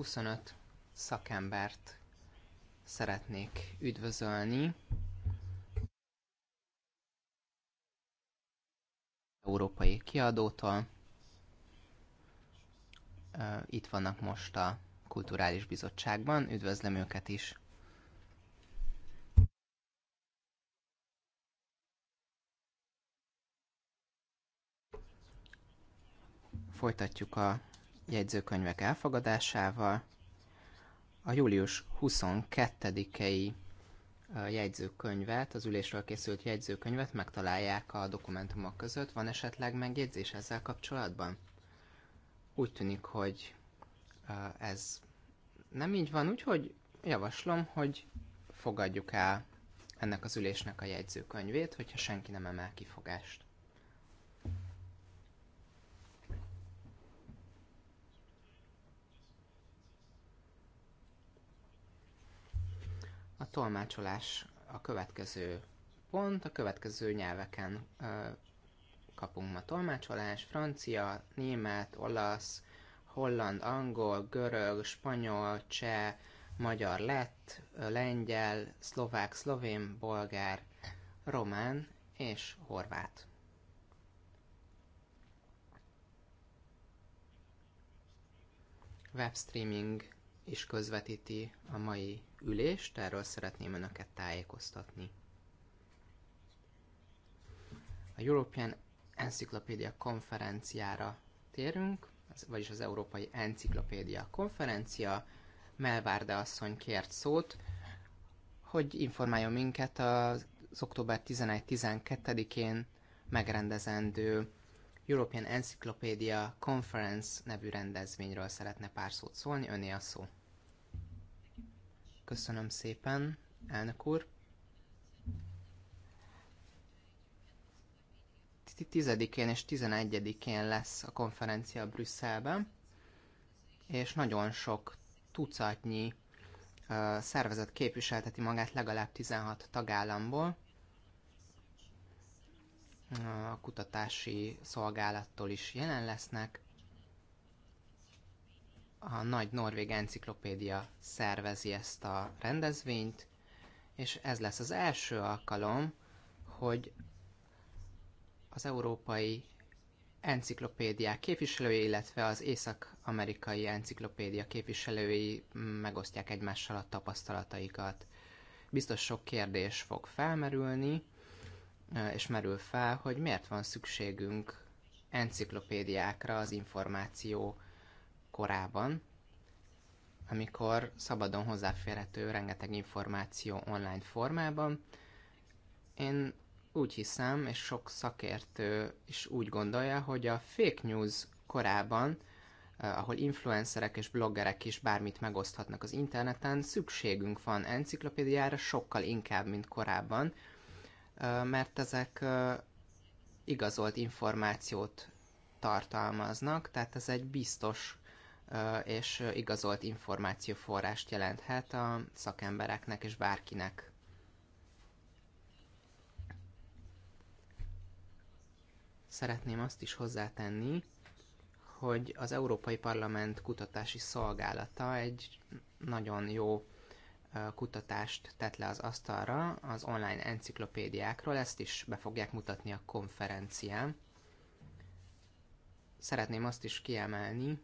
25 szakembert szeretnék üdvözölni. Európai kiadótól. Itt vannak most a Kulturális Bizottságban, üdvözlöm őket is. Folytatjuk a jegyzőkönyvek elfogadásával. A július 22-i jegyzőkönyvet, az ülésről készült jegyzőkönyvet megtalálják a dokumentumok között. Van esetleg megjegyzés ezzel kapcsolatban? Úgy tűnik, hogy ez nem így van, úgyhogy javaslom, hogy fogadjuk el ennek az ülésnek a jegyzőkönyvét, hogyha senki nem emel kifogást. A tolmácsolás a következő pont, a következő nyelveken kapunk ma tolmácsolás, francia, német, olasz, holland, angol, görög, spanyol, cseh, magyar, lett, lengyel, szlovák, szlovén, bolgár, román és horvát. Webstreaming és közvetíti a mai ülést, erről szeretném Önöket tájékoztatni. A European Encyclopedia konferenciára térünk, vagyis az Európai Enciklopédia konferencia. Melvárde asszony kért szót, hogy informáljon minket az október 11-12-én megrendezendő European Encyclopedia Conference nevű rendezvényről szeretne pár szót szólni. Öné a szó. Köszönöm szépen, elnök úr. Tizedikén és tizenegyedikén lesz a konferencia Brüsszelben, és nagyon sok tucatnyi szervezet képviselteti magát legalább 16 tagállamból a kutatási szolgálattól is jelen lesznek a nagy norvég enciklopédia szervezi ezt a rendezvényt, és ez lesz az első alkalom, hogy az európai enciklopédiák képviselői, illetve az észak-amerikai enciklopédia képviselői megosztják egymással a tapasztalataikat. Biztos sok kérdés fog felmerülni, és merül fel, hogy miért van szükségünk enciklopédiákra az információ korában, amikor szabadon hozzáférhető rengeteg információ online formában. Én úgy hiszem, és sok szakértő is úgy gondolja, hogy a fake news korában, eh, ahol influencerek és bloggerek is bármit megoszthatnak az interneten, szükségünk van enciklopédiára sokkal inkább, mint korábban, eh, mert ezek eh, igazolt információt tartalmaznak, tehát ez egy biztos és igazolt információforrást jelenthet a szakembereknek és bárkinek. Szeretném azt is hozzátenni, hogy az Európai Parlament kutatási szolgálata egy nagyon jó kutatást tett le az asztalra az online enciklopédiákról, ezt is be fogják mutatni a konferencián. Szeretném azt is kiemelni,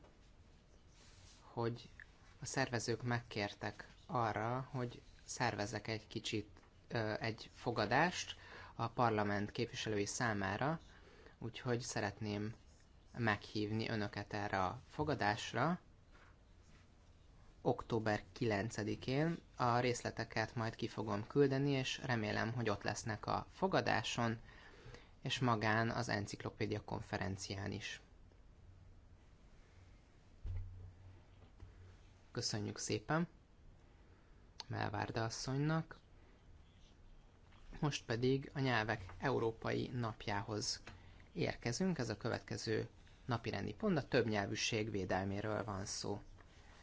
hogy a szervezők megkértek arra, hogy szervezek egy kicsit egy fogadást a parlament képviselői számára, úgyhogy szeretném meghívni önöket erre a fogadásra október 9-én. A részleteket majd ki fogom küldeni, és remélem, hogy ott lesznek a fogadáson, és magán az enciklopédia konferencián is. Köszönjük szépen Melvárda asszonynak. Most pedig a nyelvek európai napjához érkezünk. Ez a következő napirendi pont, a nyelvűség védelméről van szó.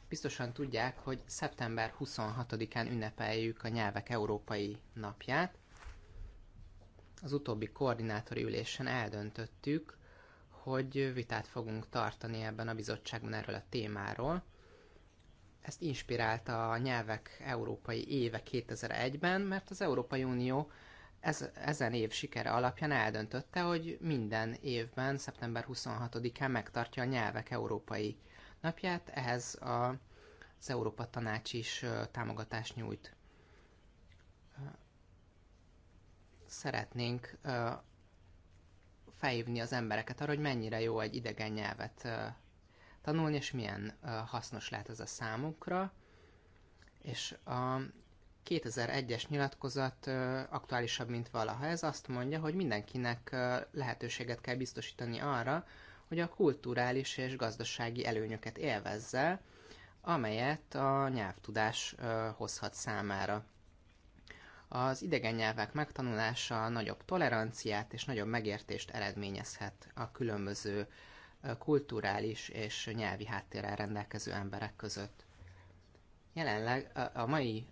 Biztosan tudják, hogy szeptember 26-án ünnepeljük a nyelvek európai napját. Az utóbbi koordinátori ülésen eldöntöttük, hogy vitát fogunk tartani ebben a bizottságban erről a témáról ezt inspirálta a nyelvek európai éve 2001-ben, mert az Európai Unió ez, ezen év sikere alapján eldöntötte, hogy minden évben, szeptember 26-án megtartja a nyelvek európai napját, ehhez a, az Európa Tanács is támogatást nyújt. Szeretnénk felhívni az embereket arra, hogy mennyire jó egy idegen nyelvet tanulni, és milyen hasznos lehet ez a számukra. És a 2001-es nyilatkozat aktuálisabb, mint valaha. Ez azt mondja, hogy mindenkinek lehetőséget kell biztosítani arra, hogy a kulturális és gazdasági előnyöket élvezze, amelyet a nyelvtudás hozhat számára. Az idegen nyelvek megtanulása nagyobb toleranciát és nagyobb megértést eredményezhet a különböző kulturális és nyelvi háttérrel rendelkező emberek között. Jelenleg a mai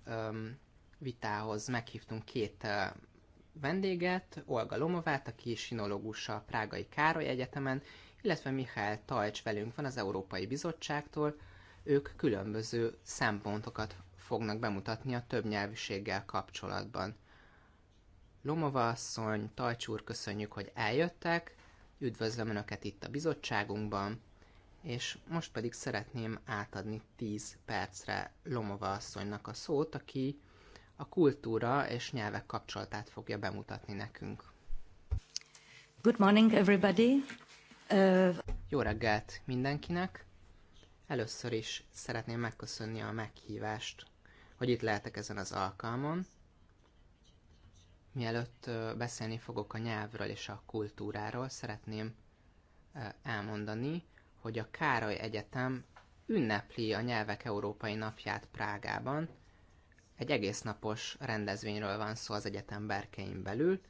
vitához meghívtunk két vendéget, Olga Lomovát, aki sinológus a Prágai Károly Egyetemen, illetve Mihály Tajcs velünk van az Európai Bizottságtól. Ők különböző szempontokat fognak bemutatni a nyelviséggel kapcsolatban. Lomova asszony, Tajcs úr, köszönjük, hogy eljöttek. Üdvözlöm Önöket itt a bizottságunkban, és most pedig szeretném átadni 10 percre Lomova asszonynak a szót, aki a kultúra és nyelvek kapcsolatát fogja bemutatni nekünk. Good morning, everybody. Uh... Jó reggelt mindenkinek! Először is szeretném megköszönni a meghívást, hogy itt lehetek ezen az alkalmon. Mielőtt beszélni fogok a nyelvről és a kultúráról, szeretném elmondani, hogy a Károly Egyetem ünnepli a Nyelvek Európai Napját Prágában. Egy egész napos rendezvényről van szó az egyetem berkein belül.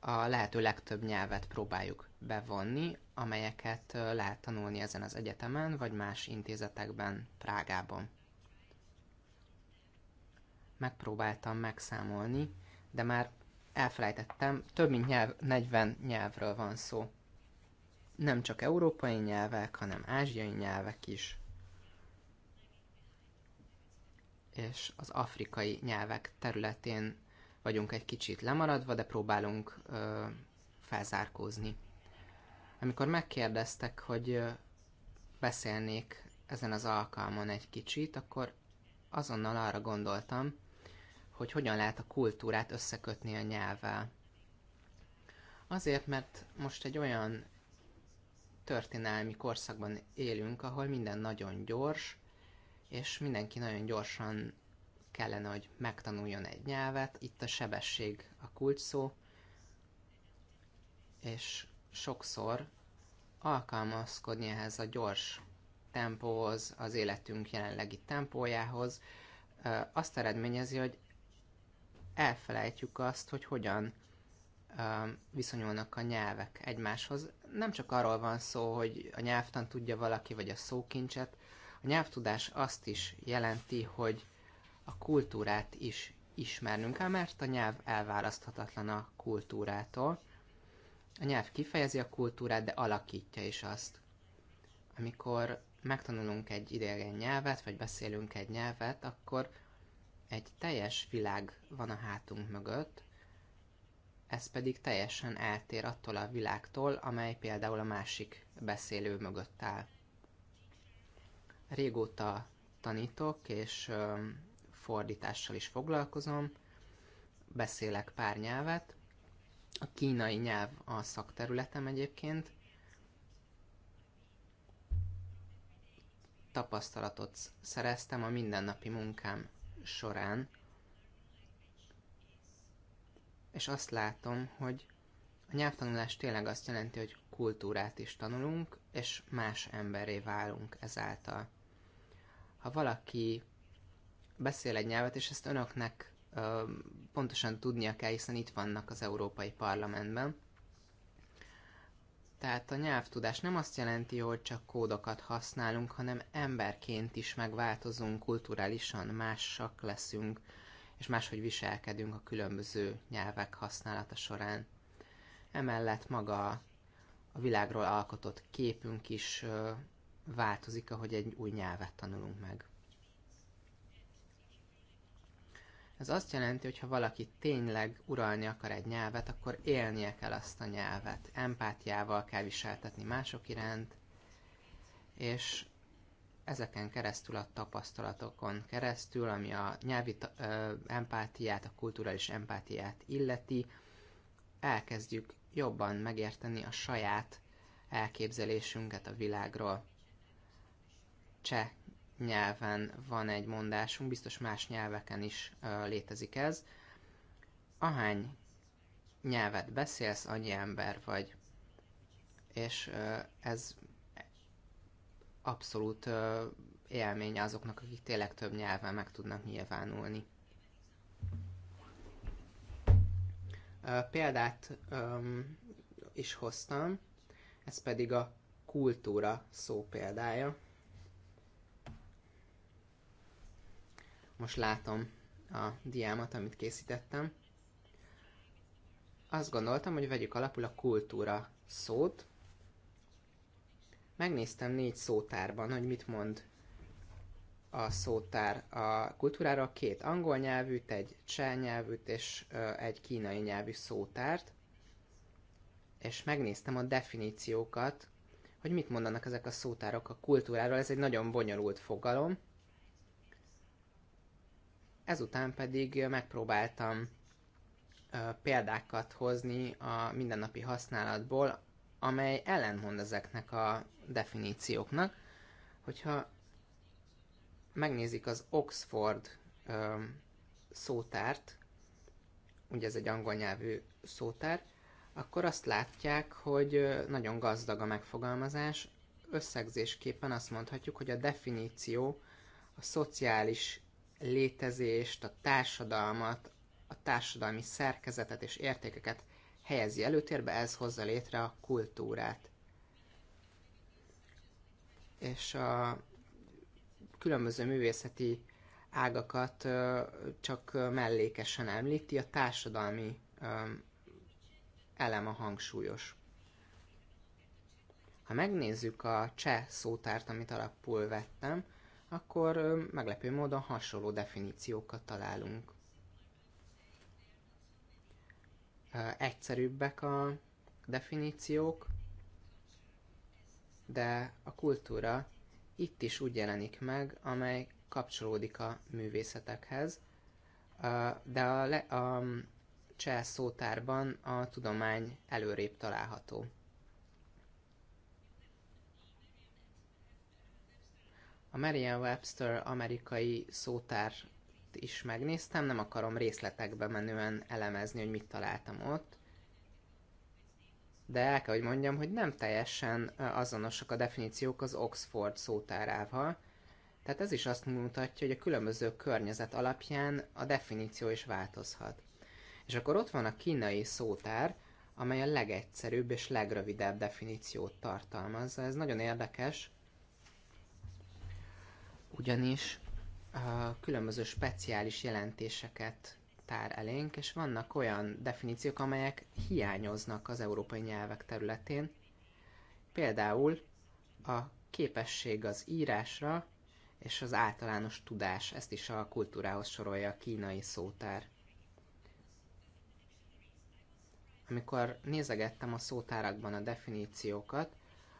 A lehető legtöbb nyelvet próbáljuk bevonni, amelyeket lehet tanulni ezen az egyetemen, vagy más intézetekben Prágában. Megpróbáltam megszámolni, de már elfelejtettem, több mint nyelv, 40 nyelvről van szó. Nem csak európai nyelvek, hanem ázsiai nyelvek is. És az afrikai nyelvek területén vagyunk egy kicsit lemaradva, de próbálunk ö, felzárkózni. Amikor megkérdeztek, hogy beszélnék ezen az alkalmon egy kicsit, akkor azonnal arra gondoltam, hogy hogyan lehet a kultúrát összekötni a nyelvvel. Azért, mert most egy olyan történelmi korszakban élünk, ahol minden nagyon gyors, és mindenki nagyon gyorsan kellene, hogy megtanuljon egy nyelvet. Itt a sebesség a kulcs szó, és sokszor alkalmazkodni ehhez a gyors tempóhoz, az életünk jelenlegi tempójához, azt eredményezi, hogy elfelejtjük azt, hogy hogyan viszonyulnak a nyelvek egymáshoz. Nem csak arról van szó, hogy a nyelvtan tudja valaki, vagy a szókincset. A nyelvtudás azt is jelenti, hogy a kultúrát is ismernünk kell, mert a nyelv elválaszthatatlan a kultúrától. A nyelv kifejezi a kultúrát, de alakítja is azt. Amikor megtanulunk egy idegen nyelvet, vagy beszélünk egy nyelvet, akkor egy teljes világ van a hátunk mögött, ez pedig teljesen eltér attól a világtól, amely például a másik beszélő mögött áll. Régóta tanítok, és fordítással is foglalkozom, beszélek pár nyelvet. A kínai nyelv a szakterületem egyébként. Tapasztalatot szereztem a mindennapi munkám során, és azt látom, hogy a nyelvtanulás tényleg azt jelenti, hogy kultúrát is tanulunk, és más emberé válunk ezáltal. Ha valaki beszél egy nyelvet, és ezt önöknek ö, pontosan tudnia kell, hiszen itt vannak az Európai Parlamentben, tehát a nyelvtudás nem azt jelenti, hogy csak kódokat használunk, hanem emberként is megváltozunk, kulturálisan másak leszünk, és máshogy viselkedünk a különböző nyelvek használata során. Emellett maga a világról alkotott képünk is változik, ahogy egy új nyelvet tanulunk meg. Ez azt jelenti, hogy ha valaki tényleg uralni akar egy nyelvet, akkor élnie kell azt a nyelvet. Empátiával kell viseltetni mások iránt, és ezeken keresztül a tapasztalatokon keresztül, ami a nyelvi ö, empátiát, a kulturális empátiát illeti, elkezdjük jobban megérteni a saját elképzelésünket a világról. Cseh nyelven van egy mondásunk, biztos más nyelveken is létezik ez. Ahány nyelvet beszélsz, annyi ember vagy. És ez abszolút élménye azoknak, akik tényleg több nyelven meg tudnak nyilvánulni. Példát is hoztam, ez pedig a kultúra szó példája. Most látom a diámat, amit készítettem. Azt gondoltam, hogy vegyük alapul a kultúra szót. Megnéztem négy szótárban, hogy mit mond a szótár a kultúráról két angol nyelvűt, egy cseh nyelvűt és egy kínai nyelvű szótárt, és megnéztem a definíciókat, hogy mit mondanak ezek a szótárok a kultúráról. Ez egy nagyon bonyolult fogalom, ezután pedig megpróbáltam példákat hozni a mindennapi használatból, amely ellentmond ezeknek a definícióknak. Hogyha megnézik az Oxford szótárt, ugye ez egy angol nyelvű szótár, akkor azt látják, hogy nagyon gazdag a megfogalmazás. Összegzésképpen azt mondhatjuk, hogy a definíció a szociális létezést, a társadalmat, a társadalmi szerkezetet és értékeket helyezi előtérbe, ez hozza létre a kultúrát. És a különböző művészeti ágakat csak mellékesen említi, a társadalmi elem a hangsúlyos. Ha megnézzük a cseh szótárt, amit alapul vettem, akkor meglepő módon hasonló definíciókat találunk. Egyszerűbbek a definíciók, de a kultúra itt is úgy jelenik meg, amely kapcsolódik a művészetekhez, de a, le, a cseh szótárban a tudomány előrébb található. A Merriam-Webster amerikai szótár is megnéztem, nem akarom részletekbe menően elemezni, hogy mit találtam ott, de el kell, hogy mondjam, hogy nem teljesen azonosak a definíciók az Oxford szótárával, tehát ez is azt mutatja, hogy a különböző környezet alapján a definíció is változhat. És akkor ott van a kínai szótár, amely a legegyszerűbb és legrövidebb definíciót tartalmazza. Ez nagyon érdekes, ugyanis a különböző speciális jelentéseket tár elénk, és vannak olyan definíciók, amelyek hiányoznak az európai nyelvek területén. Például a képesség az írásra és az általános tudás, ezt is a kultúrához sorolja a kínai szótár. Amikor nézegettem a szótárakban a definíciókat,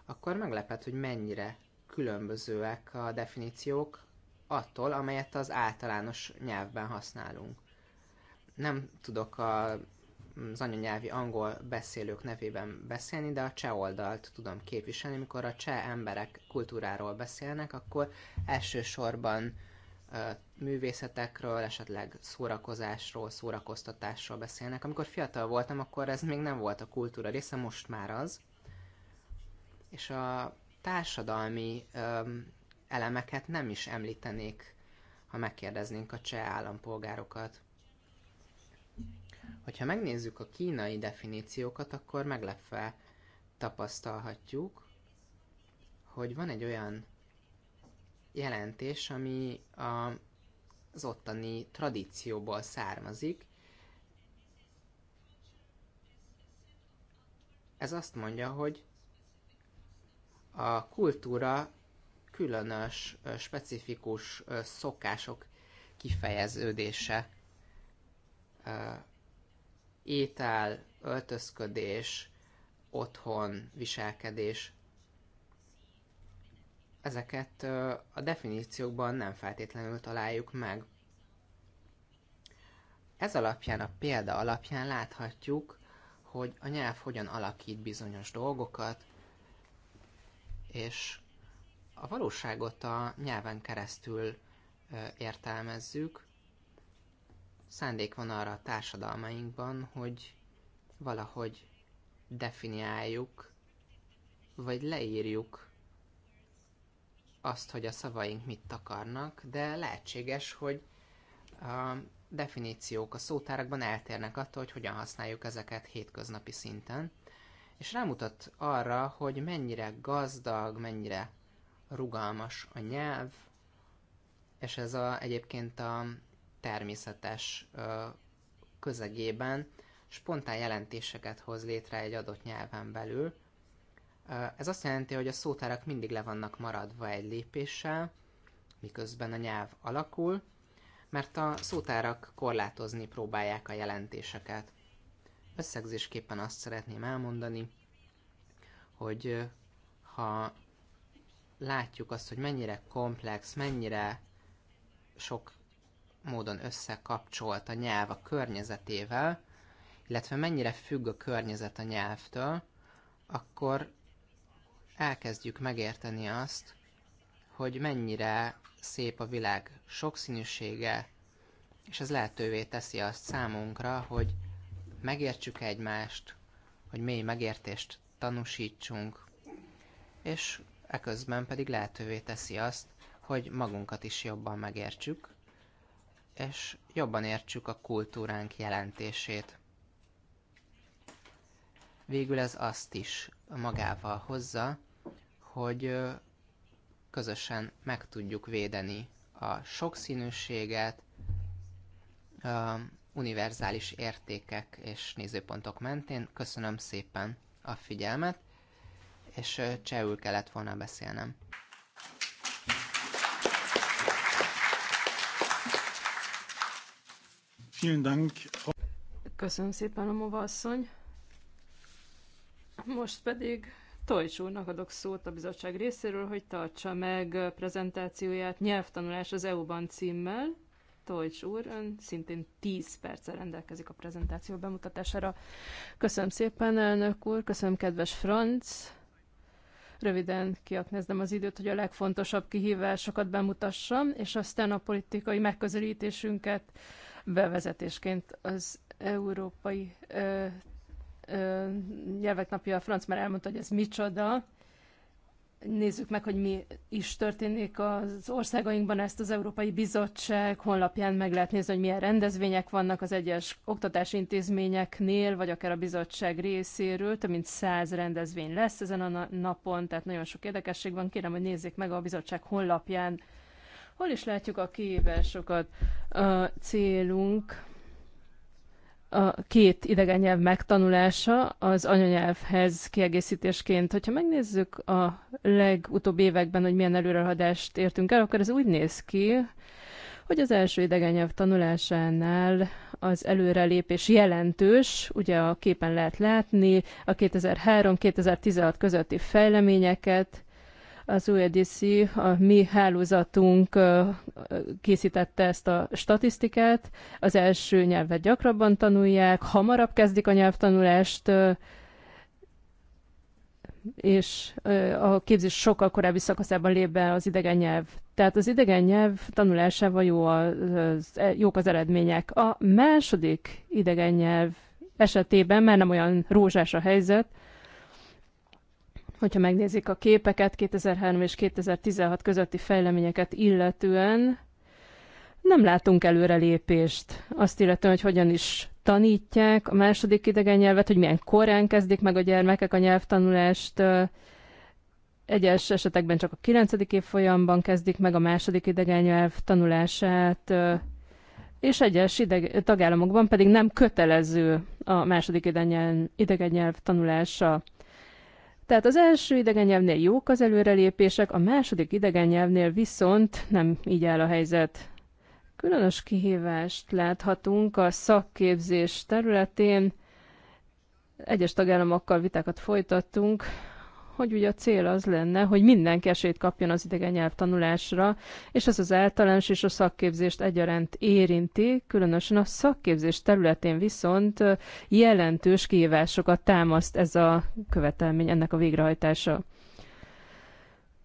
akkor meglepett, hogy mennyire különbözőek a definíciók attól, amelyet az általános nyelvben használunk. Nem tudok a, az anyanyelvi angol beszélők nevében beszélni, de a cseh oldalt tudom képviselni. Mikor a cseh emberek kultúráról beszélnek, akkor elsősorban művészetekről, esetleg szórakozásról, szórakoztatásról beszélnek. Amikor fiatal voltam, akkor ez még nem volt a kultúra része, most már az. És a társadalmi öm, elemeket nem is említenék, ha megkérdeznénk a cseh állampolgárokat. Hogyha megnézzük a kínai definíciókat, akkor meglepve tapasztalhatjuk, hogy van egy olyan jelentés, ami a, az ottani tradícióból származik. Ez azt mondja, hogy a kultúra különös, specifikus szokások kifejeződése. Étel, öltözködés, otthon, viselkedés. Ezeket a definíciókban nem feltétlenül találjuk meg. Ez alapján, a példa alapján láthatjuk, hogy a nyelv hogyan alakít bizonyos dolgokat, és a valóságot a nyelven keresztül értelmezzük. Szándék van arra a társadalmainkban, hogy valahogy definiáljuk, vagy leírjuk azt, hogy a szavaink mit akarnak, de lehetséges, hogy a definíciók a szótárakban eltérnek attól, hogy hogyan használjuk ezeket hétköznapi szinten és rámutat arra, hogy mennyire gazdag, mennyire rugalmas a nyelv, és ez a, egyébként a természetes ö, közegében spontán jelentéseket hoz létre egy adott nyelven belül. Ez azt jelenti, hogy a szótárak mindig le vannak maradva egy lépéssel, miközben a nyelv alakul, mert a szótárak korlátozni próbálják a jelentéseket. Összegzésképpen azt szeretném elmondani, hogy ha látjuk azt, hogy mennyire komplex, mennyire sok módon összekapcsolt a nyelv a környezetével, illetve mennyire függ a környezet a nyelvtől, akkor elkezdjük megérteni azt, hogy mennyire szép a világ sokszínűsége, és ez lehetővé teszi azt számunkra, hogy megértsük egymást, hogy mély megértést tanúsítsunk, és eközben pedig lehetővé teszi azt, hogy magunkat is jobban megértsük, és jobban értsük a kultúránk jelentését. Végül ez azt is magával hozza, hogy közösen meg tudjuk védeni a sokszínűséget, univerzális értékek és nézőpontok mentén. Köszönöm szépen a figyelmet, és csehül kellett volna beszélnem. Köszönöm szépen, Mova asszony. Most pedig Tojcs úrnak adok szót a bizottság részéről, hogy tartsa meg prezentációját Nyelvtanulás az EU-ban címmel. Tolcs úr, ön szintén 10 perccel rendelkezik a prezentáció bemutatására. Köszönöm szépen, elnök úr, köszönöm, kedves Franc. Röviden kiaknezdem az időt, hogy a legfontosabb kihívásokat bemutassam, és aztán a politikai megközelítésünket bevezetésként az Európai ö, ö, Nyelvek Napja a franc mert elmondta, hogy ez micsoda, nézzük meg, hogy mi is történik az országainkban. Ezt az Európai Bizottság honlapján meg lehet nézni, hogy milyen rendezvények vannak az egyes oktatási intézményeknél, vagy akár a bizottság részéről. Több mint száz rendezvény lesz ezen a napon, tehát nagyon sok érdekesség van. Kérem, hogy nézzék meg a bizottság honlapján. Hol is látjuk a kihívásokat? A célunk a két idegen nyelv megtanulása az anyanyelvhez kiegészítésként. Hogyha megnézzük a legutóbbi években, hogy milyen előrehaladást értünk el, akkor ez úgy néz ki, hogy az első idegen nyelv tanulásánál az előrelépés jelentős, ugye a képen lehet látni a 2003-2016 közötti fejleményeket, az UEDC, a mi hálózatunk készítette ezt a statisztikát. Az első nyelvet gyakrabban tanulják, hamarabb kezdik a nyelvtanulást, és a képzés sokkal korábbi szakaszában lép be az idegen nyelv. Tehát az idegen nyelv tanulásával jó az, e, jók az eredmények. A második idegen nyelv esetében már nem olyan rózsás a helyzet, Hogyha megnézik a képeket 2003 és 2016 közötti fejleményeket illetően, nem látunk előrelépést. Azt illetően, hogy hogyan is tanítják a második idegen nyelvet, hogy milyen korán kezdik meg a gyermekek a nyelvtanulást, egyes esetekben csak a 9. évfolyamban kezdik meg a második idegen nyelv tanulását, és egyes ideg, tagállamokban pedig nem kötelező a második idegen nyelv tanulása. Tehát az első idegen nyelvnél jók az előrelépések, a második idegen nyelvnél viszont nem így áll a helyzet. Különös kihívást láthatunk a szakképzés területén. Egyes tagállamokkal vitákat folytattunk hogy ugye a cél az lenne, hogy mindenki esélyt kapjon az idegen nyelv tanulásra, és ez az általános és a szakképzést egyaránt érinti, különösen a szakképzés területén viszont jelentős kihívásokat támaszt ez a követelmény, ennek a végrehajtása.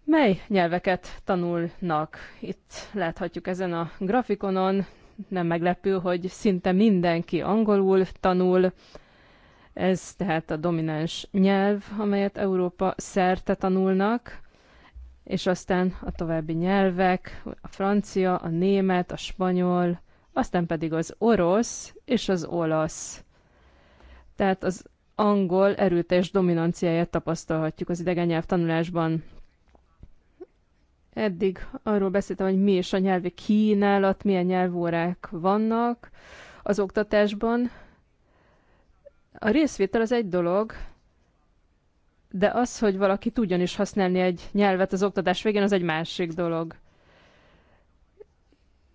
Mely nyelveket tanulnak? Itt láthatjuk ezen a grafikonon, nem meglepő, hogy szinte mindenki angolul tanul, ez tehát a domináns nyelv, amelyet Európa szerte tanulnak, és aztán a további nyelvek, a francia, a német, a spanyol, aztán pedig az orosz és az olasz. Tehát az angol erőteljes dominanciáját tapasztalhatjuk az idegen nyelv tanulásban. Eddig arról beszéltem, hogy mi is a nyelvi kínálat, milyen nyelvórák vannak az oktatásban, a részvétel az egy dolog, de az, hogy valaki tudjon is használni egy nyelvet az oktatás végén, az egy másik dolog.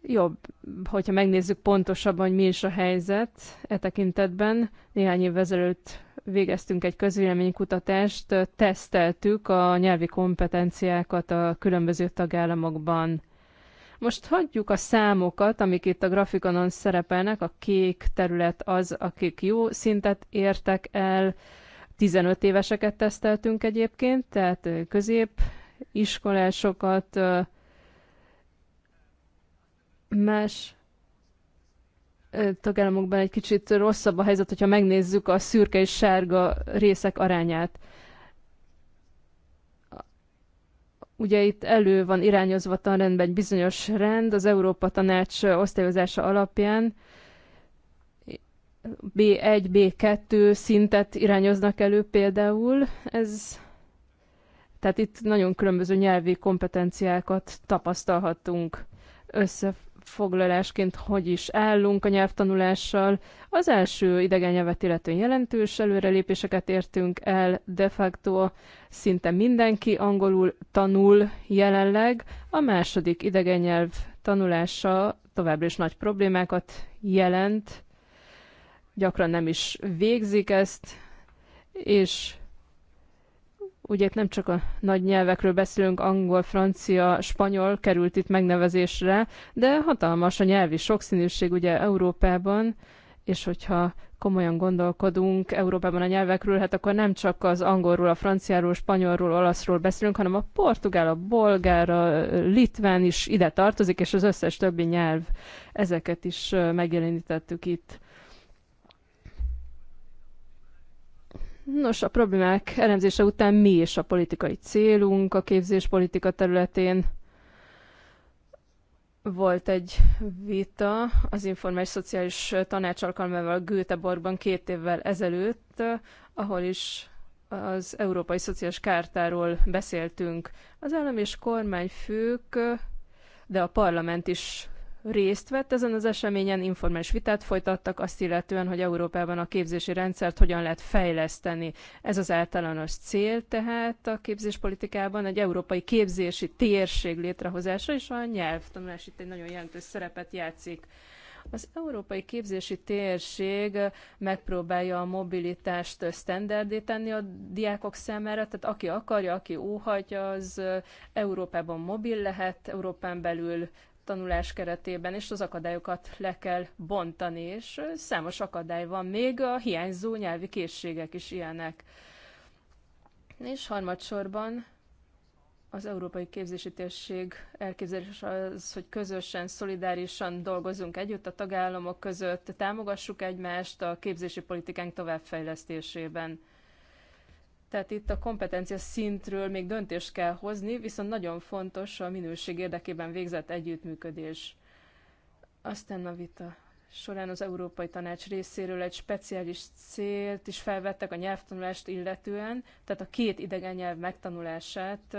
Jobb, hogyha megnézzük pontosabban, hogy mi is a helyzet e tekintetben. Néhány évvel ezelőtt végeztünk egy közvéleménykutatást, teszteltük a nyelvi kompetenciákat a különböző tagállamokban. Most hagyjuk a számokat, amik itt a grafikonon szerepelnek, a kék terület az, akik jó szintet értek el, 15 éveseket teszteltünk egyébként, tehát középiskolásokat, más tagállamokban egy kicsit rosszabb a helyzet, hogyha megnézzük a szürke és sárga részek arányát. Ugye itt elő van irányozva tanrendben egy bizonyos rend az Európa Tanács osztályozása alapján, B1, B2 szintet irányoznak elő például. Ez, tehát itt nagyon különböző nyelvi kompetenciákat tapasztalhatunk. Össze, összefoglalásként hogy is állunk a nyelvtanulással. Az első idegen nyelvet illetően jelentős előrelépéseket értünk el, de facto szinte mindenki angolul tanul jelenleg. A második idegen nyelv tanulása továbbra is nagy problémákat jelent, gyakran nem is végzik ezt, és Ugye itt nem csak a nagy nyelvekről beszélünk, angol, francia, spanyol került itt megnevezésre, de hatalmas a nyelvi sokszínűség ugye Európában, és hogyha komolyan gondolkodunk Európában a nyelvekről, hát akkor nem csak az angolról, a franciáról, spanyolról, olaszról beszélünk, hanem a portugál, a bolgár, a litván is ide tartozik, és az összes többi nyelv. Ezeket is megjelenítettük itt. Nos, a problémák elemzése után mi is a politikai célunk a képzéspolitika területén? Volt egy vita az Informális Szociális Tanács alkalmával Göteborgban két évvel ezelőtt, ahol is az Európai Szociális Kártáról beszéltünk. Az állam és kormányfők, de a parlament is részt vett ezen az eseményen, informális vitát folytattak azt illetően, hogy Európában a képzési rendszert hogyan lehet fejleszteni. Ez az általános cél tehát a képzéspolitikában egy európai képzési térség létrehozása, és a nyelvtanulás itt egy nagyon jelentős szerepet játszik. Az európai képzési térség megpróbálja a mobilitást sztenderdé tenni a diákok számára, tehát aki akarja, aki óhagyja, az Európában mobil lehet, Európán belül tanulás keretében, és az akadályokat le kell bontani, és számos akadály van még, a hiányzó nyelvi készségek is ilyenek. És harmadsorban az európai képzési térség elképzelés az, hogy közösen, szolidárisan dolgozunk együtt a tagállamok között, támogassuk egymást a képzési politikánk továbbfejlesztésében. Tehát itt a kompetencia szintről még döntést kell hozni, viszont nagyon fontos a minőség érdekében végzett együttműködés. Aztán a vita során az Európai Tanács részéről egy speciális célt is felvettek a nyelvtanulást illetően, tehát a két idegen nyelv megtanulását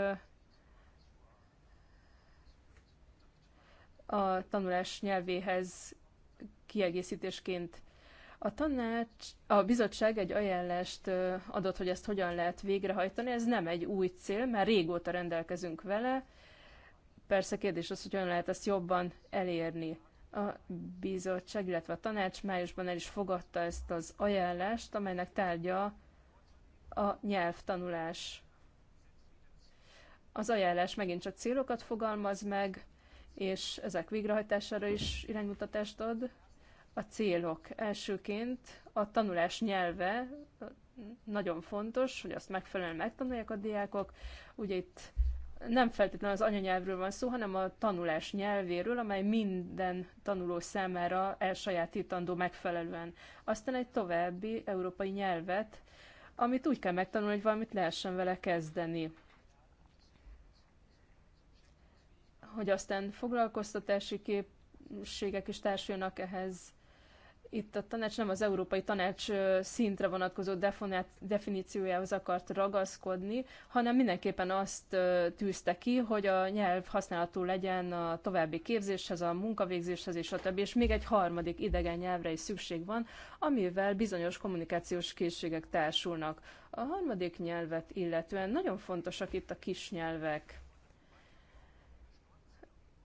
a tanulás nyelvéhez kiegészítésként a tanács, a bizottság egy ajánlást adott, hogy ezt hogyan lehet végrehajtani. Ez nem egy új cél, már régóta rendelkezünk vele. Persze kérdés az, hogy hogyan lehet ezt jobban elérni. A bizottság, illetve a tanács májusban el is fogadta ezt az ajánlást, amelynek tárgya a nyelvtanulás. Az ajánlás megint csak célokat fogalmaz meg, és ezek végrehajtására is iránymutatást ad, a célok. Elsőként a tanulás nyelve nagyon fontos, hogy azt megfelelően megtanulják a diákok. Ugye itt nem feltétlenül az anyanyelvről van szó, hanem a tanulás nyelvéről, amely minden tanuló számára elsajátítandó megfelelően. Aztán egy további európai nyelvet, amit úgy kell megtanulni, hogy valamit lehessen vele kezdeni. Hogy aztán foglalkoztatási képességek is társuljanak ehhez, itt a tanács nem az Európai Tanács szintre vonatkozó definíciójához akart ragaszkodni, hanem mindenképpen azt tűzte ki, hogy a nyelv használható legyen a további képzéshez, a munkavégzéshez és a többi, és még egy harmadik idegen nyelvre is szükség van, amivel bizonyos kommunikációs készségek társulnak. A harmadik nyelvet illetően nagyon fontosak itt a kis nyelvek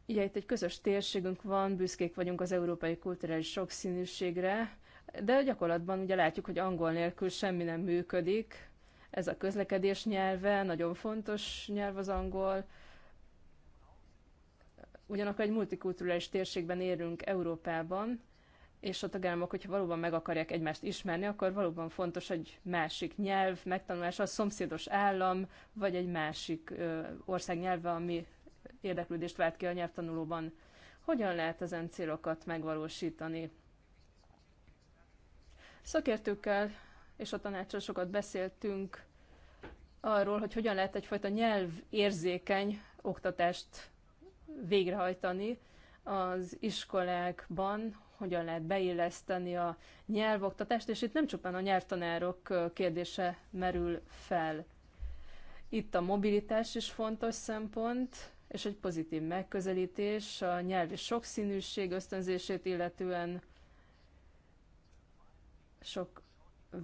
Ugye itt egy közös térségünk van, büszkék vagyunk az európai kulturális sokszínűségre, de gyakorlatban ugye látjuk, hogy angol nélkül semmi nem működik. Ez a közlekedés nyelve, nagyon fontos nyelv az angol. Ugyanakkor egy multikulturális térségben érünk Európában, és a tagállamok, hogyha valóban meg akarják egymást ismerni, akkor valóban fontos egy másik nyelv, megtanulás, a szomszédos állam, vagy egy másik ö, ország nyelve, ami érdeklődést vált ki a nyelvtanulóban. Hogyan lehet ezen célokat megvalósítani? Szakértőkkel és a tanácsosokat beszéltünk arról, hogy hogyan lehet egyfajta nyelvérzékeny oktatást végrehajtani az iskolákban, hogyan lehet beilleszteni a nyelvoktatást, és itt nem csupán a nyelvtanárok kérdése merül fel. Itt a mobilitás is fontos szempont, és egy pozitív megközelítés a nyelvi sokszínűség ösztönzését illetően sok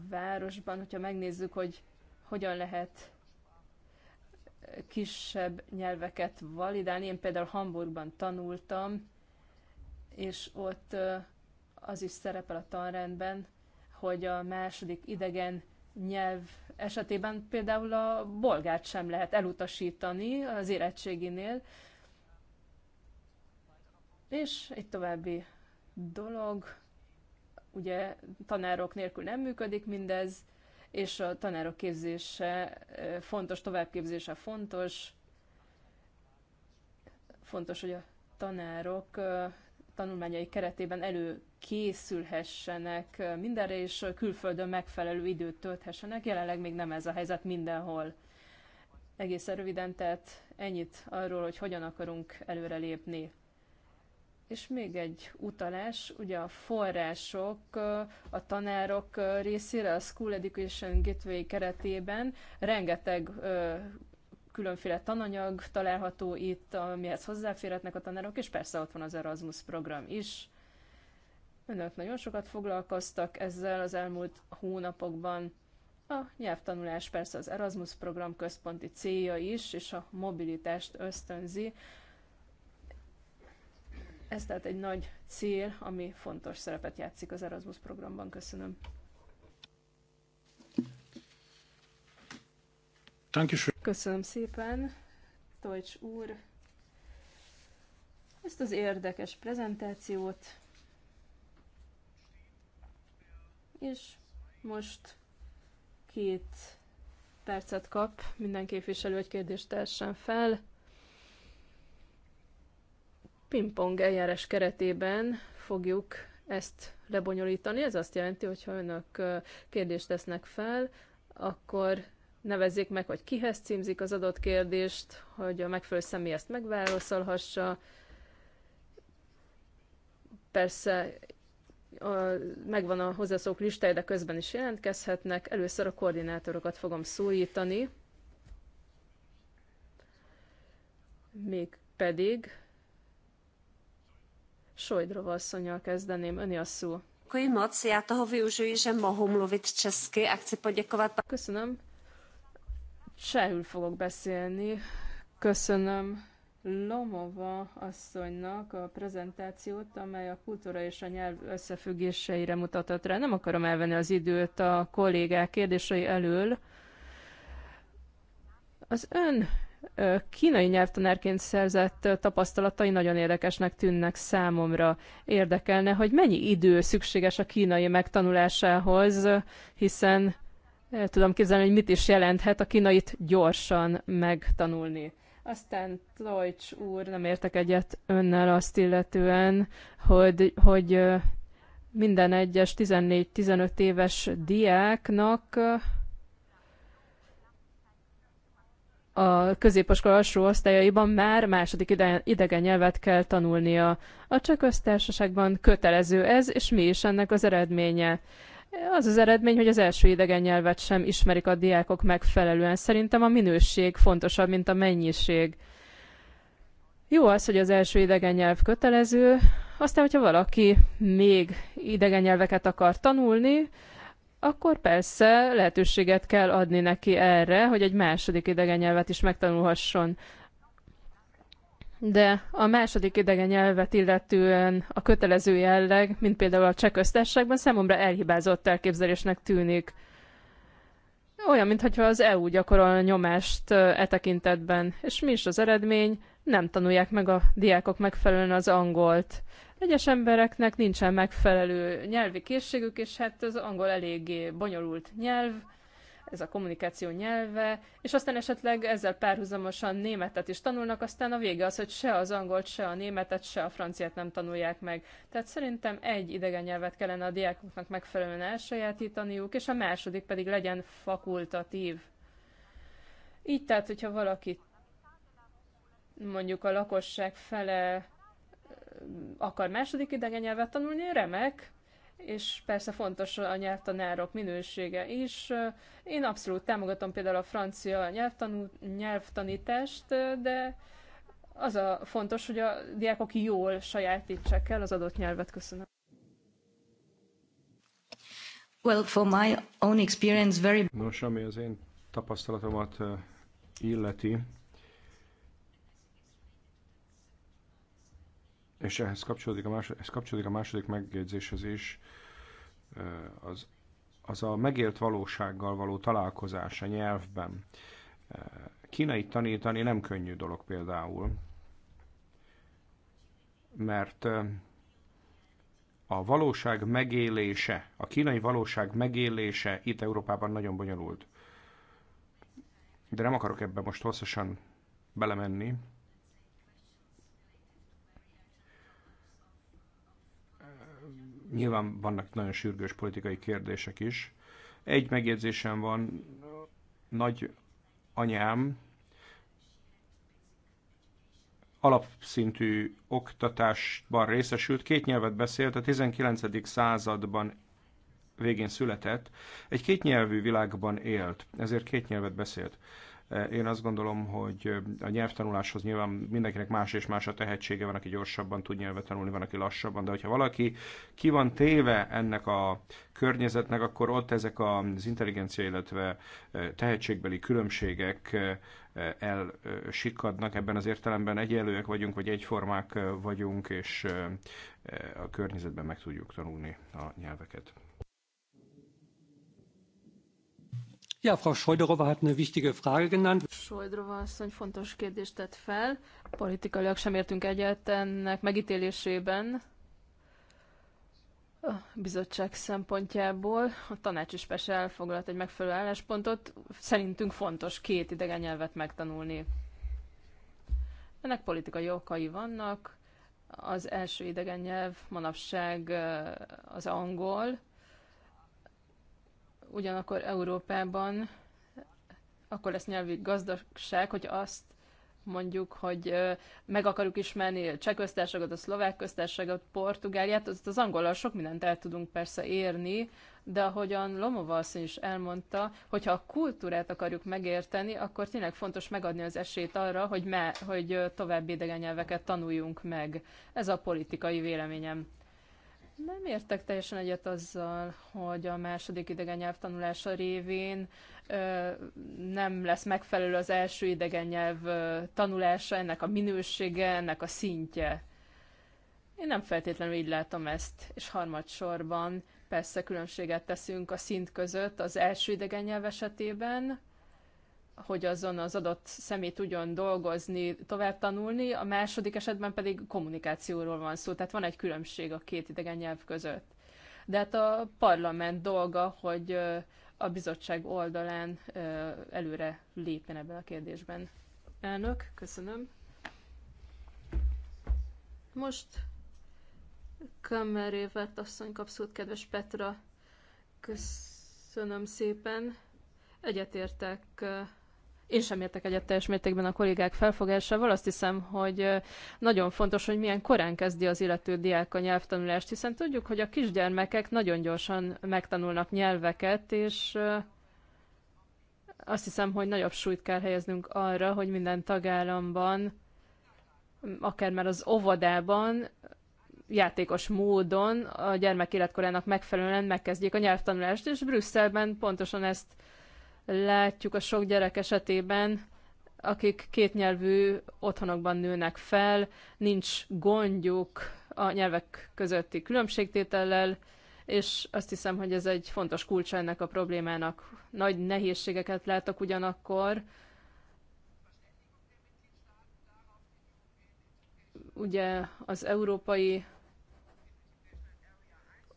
városban, hogyha megnézzük, hogy hogyan lehet kisebb nyelveket validálni. Én például Hamburgban tanultam, és ott az is szerepel a tanrendben, hogy a második idegen nyelv esetében például a bolgárt sem lehet elutasítani az érettséginél. És egy további dolog, ugye tanárok nélkül nem működik mindez, és a tanárok képzése fontos, továbbképzése fontos. Fontos, hogy a tanárok tanulmányai keretében elő készülhessenek mindenre, és külföldön megfelelő időt tölthessenek. Jelenleg még nem ez a helyzet mindenhol. Egészen röviden, tehát ennyit arról, hogy hogyan akarunk előrelépni. És még egy utalás, ugye a források a tanárok részére a School Education Gateway keretében rengeteg különféle tananyag található itt, amihez hozzáférhetnek a tanárok, és persze ott van az Erasmus program is, Önök nagyon sokat foglalkoztak ezzel az elmúlt hónapokban. A nyelvtanulás persze az Erasmus program központi célja is, és a mobilitást ösztönzi. Ez tehát egy nagy cél, ami fontos szerepet játszik az Erasmus programban. Köszönöm. Köszönöm szépen, Tojcs úr, ezt az érdekes prezentációt. És most két percet kap minden képviselő, hogy kérdést tessen fel. Pingpong eljárás keretében fogjuk ezt lebonyolítani. Ez azt jelenti, hogy ha önök kérdést tesznek fel, akkor nevezzék meg, hogy kihez címzik az adott kérdést, hogy a megfelelő személy ezt megválaszolhassa. Persze a, megvan a hozzászók listája, de közben is jelentkezhetnek. Először a koordinátorokat fogom szólítani. Még pedig Sojdrova asszonyjal kezdeném. Öni a szó. Köszönöm. Csehül fogok beszélni. Köszönöm Lomova asszonynak a prezentációt, amely a kultúra és a nyelv összefüggéseire mutatott rá. Nem akarom elvenni az időt a kollégák kérdései elől. Az ön kínai nyelvtanárként szerzett tapasztalatai nagyon érdekesnek tűnnek számomra. Érdekelne, hogy mennyi idő szükséges a kínai megtanulásához, hiszen tudom képzelni, hogy mit is jelenthet a kínait gyorsan megtanulni. Aztán Trojcs úr, nem értek egyet önnel azt illetően, hogy, hogy minden egyes 14-15 éves diáknak a középiskola alsó osztályaiban már második idegen nyelvet kell tanulnia. A csak köztársaságban kötelező ez, és mi is ennek az eredménye. Az az eredmény, hogy az első idegen nyelvet sem ismerik a diákok megfelelően. Szerintem a minőség fontosabb, mint a mennyiség. Jó az, hogy az első idegen nyelv kötelező, aztán, hogyha valaki még idegen nyelveket akar tanulni, akkor persze lehetőséget kell adni neki erre, hogy egy második idegen nyelvet is megtanulhasson de a második idegen nyelvet illetően a kötelező jelleg, mint például a cseh köztársaságban számomra elhibázott elképzelésnek tűnik. Olyan, mintha az EU gyakorol nyomást e tekintetben. És mi is az eredmény? Nem tanulják meg a diákok megfelelően az angolt. Egyes embereknek nincsen megfelelő nyelvi készségük, és hát az angol eléggé bonyolult nyelv, ez a kommunikáció nyelve, és aztán esetleg ezzel párhuzamosan németet is tanulnak, aztán a vége az, hogy se az angolt, se a németet, se a franciát nem tanulják meg. Tehát szerintem egy idegen nyelvet kellene a diákoknak megfelelően elsajátítaniuk, és a második pedig legyen fakultatív. Így tehát, hogyha valaki mondjuk a lakosság fele akar második idegen nyelvet tanulni, remek, és persze fontos a nyelvtanárok minősége is. Én abszolút támogatom például a francia nyelvtanú, nyelvtanítást, de az a fontos, hogy a diákok jól sajátítsák el az adott nyelvet. Köszönöm. Well, for my own experience, very... Nos, ami az én tapasztalatomat illeti, és ehhez kapcsolódik a második, ez kapcsolódik a második megjegyzéshez is, az, az a megélt valósággal való találkozás a nyelvben. Kínai tanítani nem könnyű dolog például, mert a valóság megélése, a kínai valóság megélése itt Európában nagyon bonyolult. De nem akarok ebben most hosszasan belemenni, Nyilván vannak nagyon sürgős politikai kérdések is. Egy megjegyzésem van, nagy anyám alapszintű oktatásban részesült, két nyelvet beszélt, a 19. században végén született, egy kétnyelvű világban élt, ezért két nyelvet beszélt. Eh, én azt gondolom, hogy eh, a nyelvtanuláshoz nyilván mindenkinek más és más a tehetsége, van, aki gyorsabban tud nyelvet tanulni, van, aki lassabban, de hogyha valaki ki van téve ennek a környezetnek, akkor ott ezek az intelligencia, illetve eh, tehetségbeli különbségek elsikadnak. Ebben az értelemben egyenlőek vagyunk, vagy egyformák vagyunk, és a környezetben meg tudjuk tanulni a nyelveket. Ja, Frau Sojdrova hat eine wichtige Frage genannt. asszony fontos kérdést tett fel. Politikailag sem értünk egyet ennek megítélésében. A bizottság szempontjából a tanács is persze elfoglalt egy megfelelő álláspontot. Szerintünk fontos két idegen nyelvet megtanulni. Ennek politikai okai vannak. Az első idegen nyelv manapság az angol, Ugyanakkor Európában akkor lesz nyelvi gazdagság, hogy azt mondjuk, hogy meg akarjuk ismerni a cseh köztársaságot, a szlovák köztársaságot, Portugáliát, az, az angolal sok mindent el tudunk persze érni, de ahogyan Lomova is elmondta, hogyha a kultúrát akarjuk megérteni, akkor tényleg fontos megadni az esélyt arra, hogy, me, hogy további idegen nyelveket tanuljunk meg. Ez a politikai véleményem. Nem értek teljesen egyet azzal, hogy a második idegen nyelv tanulása révén ö, nem lesz megfelelő az első idegen nyelv ö, tanulása, ennek a minősége, ennek a szintje. Én nem feltétlenül így látom ezt, és harmadsorban persze különbséget teszünk a szint között az első idegen nyelv esetében, hogy azon az adott személy tudjon dolgozni, tovább tanulni, a második esetben pedig kommunikációról van szó, tehát van egy különbség a két idegen nyelv között. De hát a parlament dolga, hogy a bizottság oldalán előre lépjen ebben a kérdésben. Elnök, köszönöm. Most Kammerévet asszony kapszult, kedves Petra. Köszönöm szépen. Egyetértek én sem értek egyet teljes mértékben a kollégák felfogásával. Azt hiszem, hogy nagyon fontos, hogy milyen korán kezdi az illető diák a nyelvtanulást, hiszen tudjuk, hogy a kisgyermekek nagyon gyorsan megtanulnak nyelveket, és azt hiszem, hogy nagyobb súlyt kell helyeznünk arra, hogy minden tagállamban, akár már az óvodában, játékos módon a gyermek életkorának megfelelően megkezdjék a nyelvtanulást, és Brüsszelben pontosan ezt látjuk a sok gyerek esetében, akik kétnyelvű otthonokban nőnek fel, nincs gondjuk a nyelvek közötti különbségtétellel, és azt hiszem, hogy ez egy fontos kulcsa ennek a problémának. Nagy nehézségeket látok ugyanakkor, ugye az európai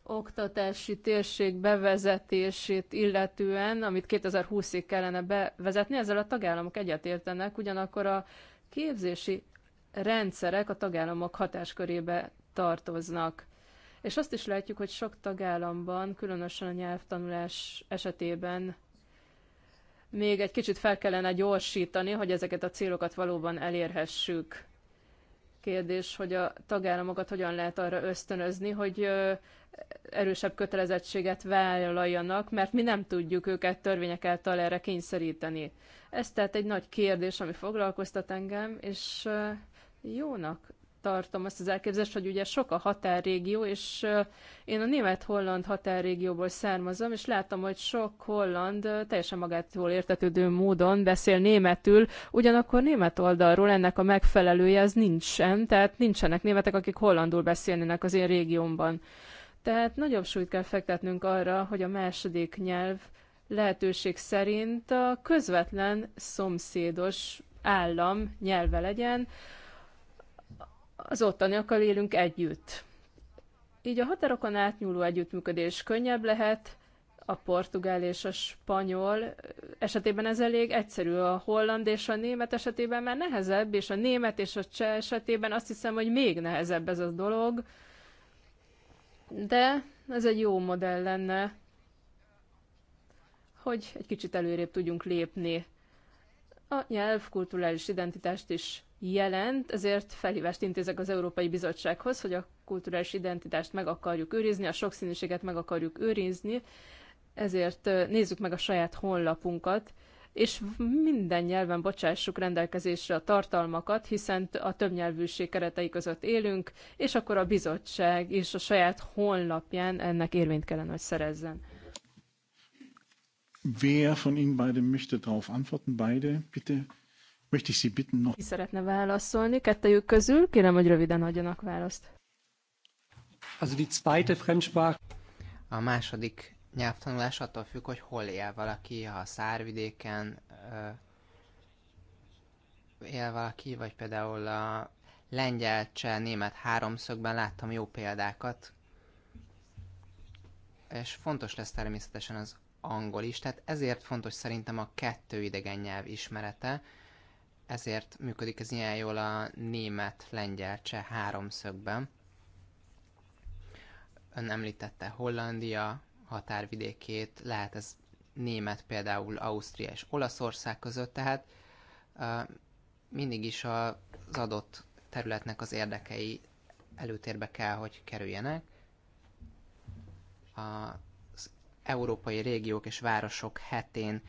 oktatási térség bevezetését illetően, amit 2020-ig kellene bevezetni, ezzel a tagállamok egyetértenek, ugyanakkor a képzési rendszerek a tagállamok hatáskörébe tartoznak. És azt is látjuk, hogy sok tagállamban, különösen a nyelvtanulás esetében még egy kicsit fel kellene gyorsítani, hogy ezeket a célokat valóban elérhessük kérdés, hogy a tagállamokat hogyan lehet arra ösztönözni, hogy erősebb kötelezettséget vállaljanak, mert mi nem tudjuk őket törvények által erre kényszeríteni. Ez tehát egy nagy kérdés, ami foglalkoztat engem, és jónak tartom azt az elképzelést, hogy ugye sok a határrégió, és én a német-holland határrégióból származom, és láttam, hogy sok holland teljesen magától értetődő módon beszél németül, ugyanakkor német oldalról ennek a megfelelője az nincsen, tehát nincsenek németek, akik hollandul beszélnének az én régiómban. Tehát nagyobb súlyt kell fektetnünk arra, hogy a második nyelv lehetőség szerint a közvetlen szomszédos állam nyelve legyen, az ottaniakkal élünk együtt. Így a határokon átnyúló együttműködés könnyebb lehet, a portugál és a spanyol esetében ez elég egyszerű, a holland és a német esetében már nehezebb, és a német és a cseh esetében azt hiszem, hogy még nehezebb ez a dolog, de ez egy jó modell lenne, hogy egy kicsit előrébb tudjunk lépni. A nyelv, kulturális identitást is jelent, ezért felhívást intézek az Európai Bizottsághoz, hogy a kulturális identitást meg akarjuk őrizni, a sokszínűséget meg akarjuk őrizni, ezért nézzük meg a saját honlapunkat, és minden nyelven bocsássuk rendelkezésre a tartalmakat, hiszen a többnyelvűség keretei között élünk, és akkor a bizottság és a saját honlapján ennek érvényt kellene, hogy szerezzen. Wer von Ihnen beide möchte darauf antworten? Beide, bitte möchte ich Sie bitten noch... Ki szeretne válaszolni kettejük közül? Kérem, hogy röviden adjanak választ. Also die zweite Fremdsprache. A második nyelvtanulás attól függ, hogy hol él valaki, ha a szárvidéken euh, él valaki, vagy például a lengyel, cseh, német háromszögben láttam jó példákat, és fontos lesz természetesen az angol is, tehát ezért fontos szerintem a kettő idegen nyelv ismerete, ezért működik ez ilyen jól a német-lengyel-cseh háromszögben. Ön említette Hollandia határvidékét, lehet ez német például Ausztria és Olaszország között, tehát uh, mindig is az adott területnek az érdekei előtérbe kell, hogy kerüljenek. Az Európai Régiók és Városok hetén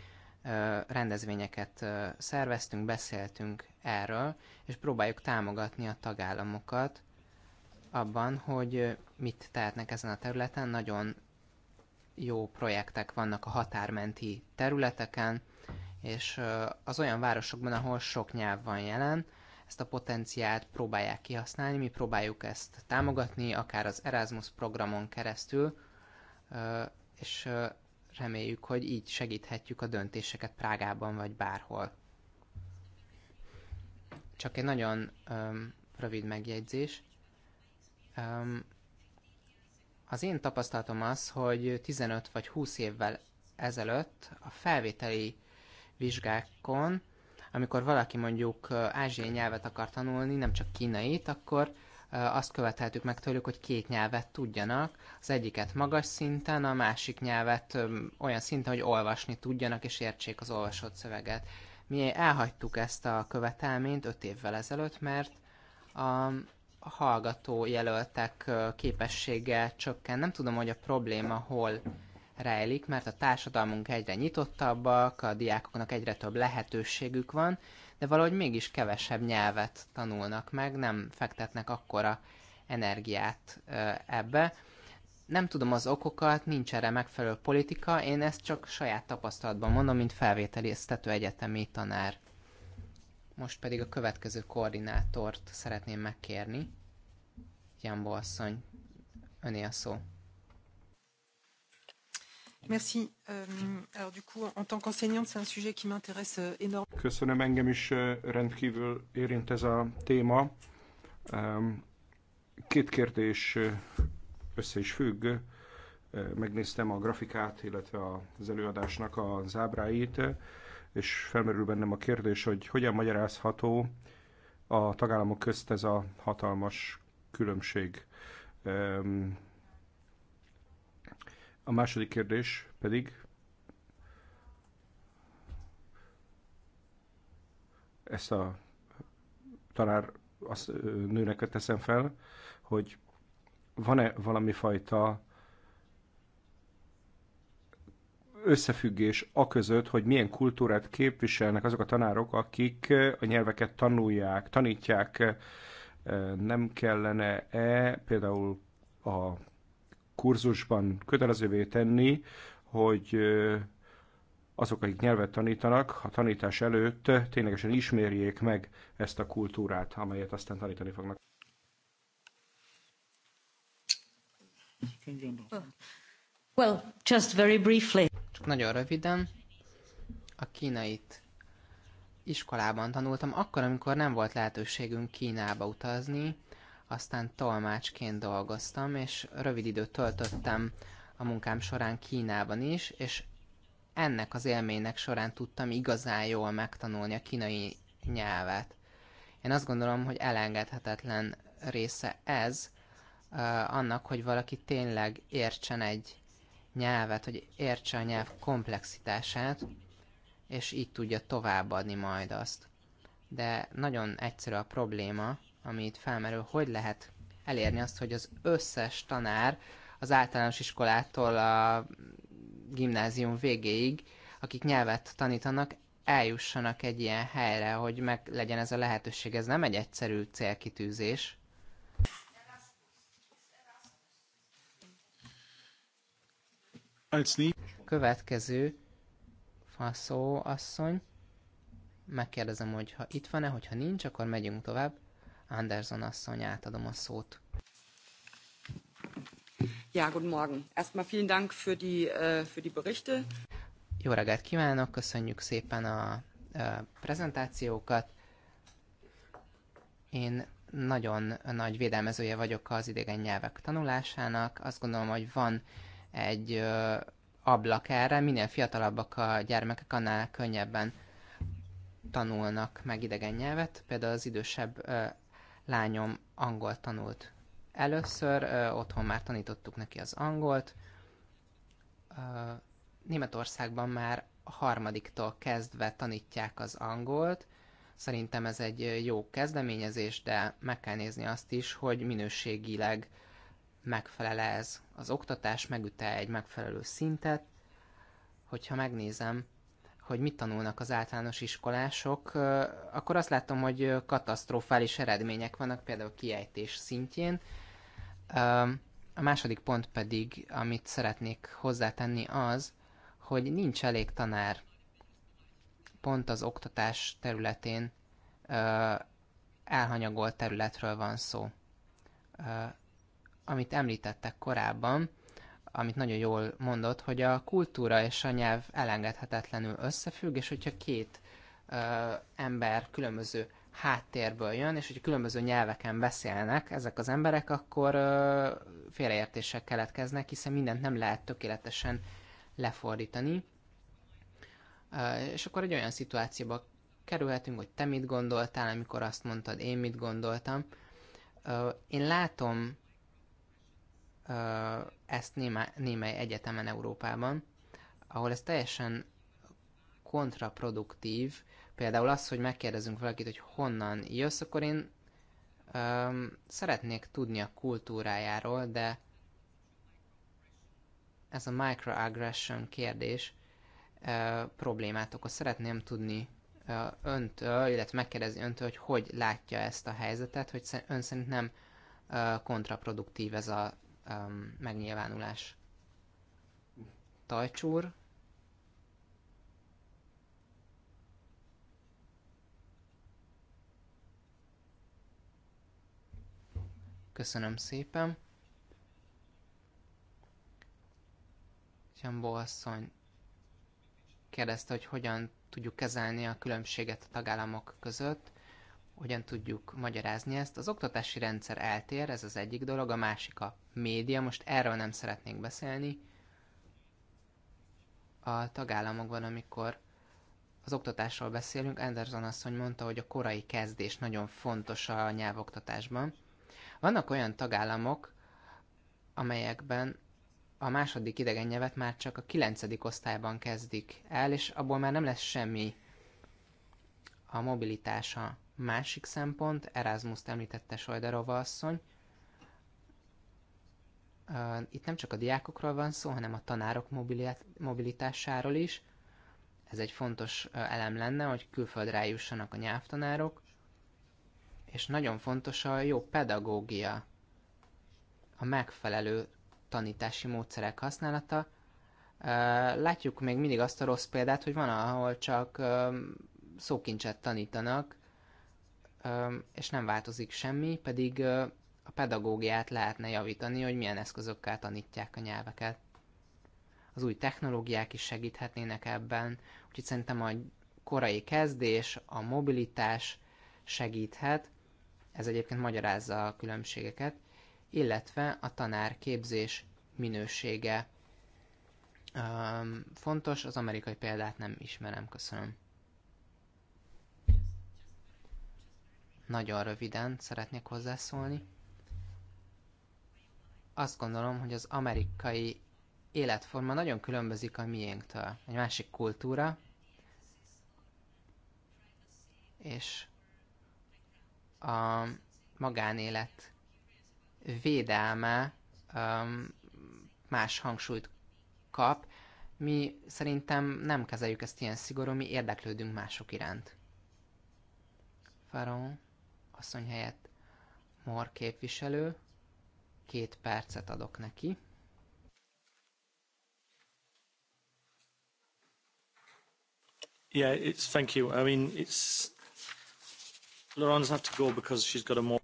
rendezvényeket szerveztünk, beszéltünk erről, és próbáljuk támogatni a tagállamokat abban, hogy mit tehetnek ezen a területen. Nagyon jó projektek vannak a határmenti területeken, és az olyan városokban, ahol sok nyelv van jelen, ezt a potenciált próbálják kihasználni, mi próbáljuk ezt támogatni, akár az Erasmus programon keresztül, és reméljük, hogy így segíthetjük a döntéseket Prágában vagy bárhol. Csak egy nagyon öm, rövid megjegyzés. Öm, az én tapasztalatom az, hogy 15 vagy 20 évvel ezelőtt a felvételi vizsgákon, amikor valaki mondjuk ázsiai nyelvet akar tanulni, nem csak kínait, akkor azt követeltük meg tőlük, hogy két nyelvet tudjanak, az egyiket magas szinten, a másik nyelvet olyan szinten, hogy olvasni tudjanak és értsék az olvasott szöveget. Mi elhagytuk ezt a követelményt öt évvel ezelőtt, mert a hallgató jelöltek képessége csökken. Nem tudom, hogy a probléma hol rejlik, mert a társadalmunk egyre nyitottabbak, a diákoknak egyre több lehetőségük van, de valahogy mégis kevesebb nyelvet tanulnak meg, nem fektetnek akkora energiát ebbe. Nem tudom az okokat, nincs erre megfelelő politika, én ezt csak saját tapasztalatban mondom, mint felvételiztető egyetemi tanár. Most pedig a következő koordinátort szeretném megkérni. Jambó asszony, öné a szó. Merci. Euh, alors du coup, en tant qu'enseignante, c'est un sujet qui m'intéresse euh, énormément. Köszönöm, engem is euh, rendkívül érint ez a téma. Um, két kérdés össze is függ. Megnéztem a grafikát, illetve az előadásnak az ábráit, és felmerül bennem a kérdés, hogy hogyan magyarázható a tagállamok közt ez a hatalmas különbség a második kérdés pedig ezt a tanár azt, nőnek teszem fel, hogy van-e valami fajta összefüggés a között, hogy milyen kultúrát képviselnek azok a tanárok, akik a nyelveket tanulják, tanítják, nem kellene-e például a kurzusban kötelezővé tenni, hogy azok, akik nyelvet tanítanak, a tanítás előtt ténylegesen ismerjék meg ezt a kultúrát, amelyet aztán tanítani fognak. Well, just very briefly. Csak nagyon röviden. A kínait iskolában tanultam, akkor, amikor nem volt lehetőségünk Kínába utazni, aztán tolmácsként dolgoztam, és rövid időt töltöttem a munkám során Kínában is, és ennek az élménynek során tudtam igazán jól megtanulni a kínai nyelvet. Én azt gondolom, hogy elengedhetetlen része ez uh, annak, hogy valaki tényleg értsen egy nyelvet, hogy értse a nyelv komplexitását, és így tudja továbbadni majd azt. De nagyon egyszerű a probléma, ami itt felmerül, hogy lehet elérni azt, hogy az összes tanár az általános iskolától a gimnázium végéig, akik nyelvet tanítanak, eljussanak egy ilyen helyre, hogy meg legyen ez a lehetőség. Ez nem egy egyszerű célkitűzés. Következő faszó asszony. Megkérdezem, hogy ha itt van-e, hogyha nincs, akkor megyünk tovább. Anderson asszony, átadom a szót. Ja, guten Morgen. Erstmal vielen Dank für die, äh, für die Berichte. Jó reggelt kívánok, köszönjük szépen a, a prezentációkat. Én nagyon nagy védelmezője vagyok az idegen nyelvek tanulásának. Azt gondolom, hogy van egy ablak erre, minél fiatalabbak a gyermekek, annál könnyebben tanulnak meg idegen nyelvet. Például az idősebb lányom angol tanult először, ö, otthon már tanítottuk neki az angolt. Ö, Németországban már a harmadiktól kezdve tanítják az angolt. Szerintem ez egy jó kezdeményezés, de meg kell nézni azt is, hogy minőségileg megfelele ez. Az oktatás megüte egy megfelelő szintet. Hogyha megnézem, hogy mit tanulnak az általános iskolások, akkor azt látom, hogy katasztrofális eredmények vannak, például kiejtés szintjén. A második pont pedig, amit szeretnék hozzátenni az, hogy nincs elég tanár pont az oktatás területén elhanyagolt területről van szó. Amit említettek korábban, amit nagyon jól mondott, hogy a kultúra és a nyelv elengedhetetlenül összefügg, és hogyha két ö, ember különböző háttérből jön, és hogy különböző nyelveken beszélnek ezek az emberek, akkor ö, félreértések keletkeznek, hiszen mindent nem lehet tökéletesen lefordítani. Ö, és akkor egy olyan szituációba kerülhetünk, hogy te mit gondoltál, amikor azt mondtad, én mit gondoltam. Ö, én látom ezt némely egyetemen Európában, ahol ez teljesen kontraproduktív, például az, hogy megkérdezünk valakit, hogy honnan jössz, akkor én ö, szeretnék tudni a kultúrájáról, de ez a microaggression kérdés ö, problémát okoz. Szeretném tudni ö, öntől, illetve megkérdezni öntől, hogy hogy látja ezt a helyzetet, hogy ön szerint nem ö, kontraproduktív ez a um, megnyilvánulás. Tajcsúr. Köszönöm szépen. Jambó asszony kérdezte, hogy hogyan tudjuk kezelni a különbséget a tagállamok között hogyan tudjuk magyarázni ezt. Az oktatási rendszer eltér, ez az egyik dolog, a másik a média, most erről nem szeretnénk beszélni. A tagállamokban, amikor az oktatásról beszélünk, Anderson asszony mondta, hogy a korai kezdés nagyon fontos a nyelvoktatásban. Vannak olyan tagállamok, amelyekben a második idegen nyelvet már csak a kilencedik osztályban kezdik el, és abból már nem lesz semmi a mobilitása Másik szempont, Erasmus-t említette Sajderova asszony. Itt nem csak a diákokról van szó, hanem a tanárok mobilitásáról is. Ez egy fontos elem lenne, hogy külföldre jussanak a nyelvtanárok, és nagyon fontos a jó pedagógia, a megfelelő tanítási módszerek használata. Látjuk még mindig azt a rossz példát, hogy van, ahol csak szókincset tanítanak, és nem változik semmi, pedig a pedagógiát lehetne javítani, hogy milyen eszközökkel tanítják a nyelveket. Az új technológiák is segíthetnének ebben, úgyhogy szerintem a korai kezdés, a mobilitás segíthet, ez egyébként magyarázza a különbségeket, illetve a tanárképzés minősége. fontos, az amerikai példát nem ismerem, köszönöm. Nagyon röviden szeretnék hozzászólni. Azt gondolom, hogy az amerikai életforma nagyon különbözik a miénktől. Egy másik kultúra, és a magánélet védelme um, más hangsúlyt kap. Mi szerintem nem kezeljük ezt ilyen szigorú, mi érdeklődünk mások iránt. Faraon asszony helyett Mor képviselő. Két percet adok neki. Yeah, it's thank you. I mean, it's Laurence had to go because she's got a more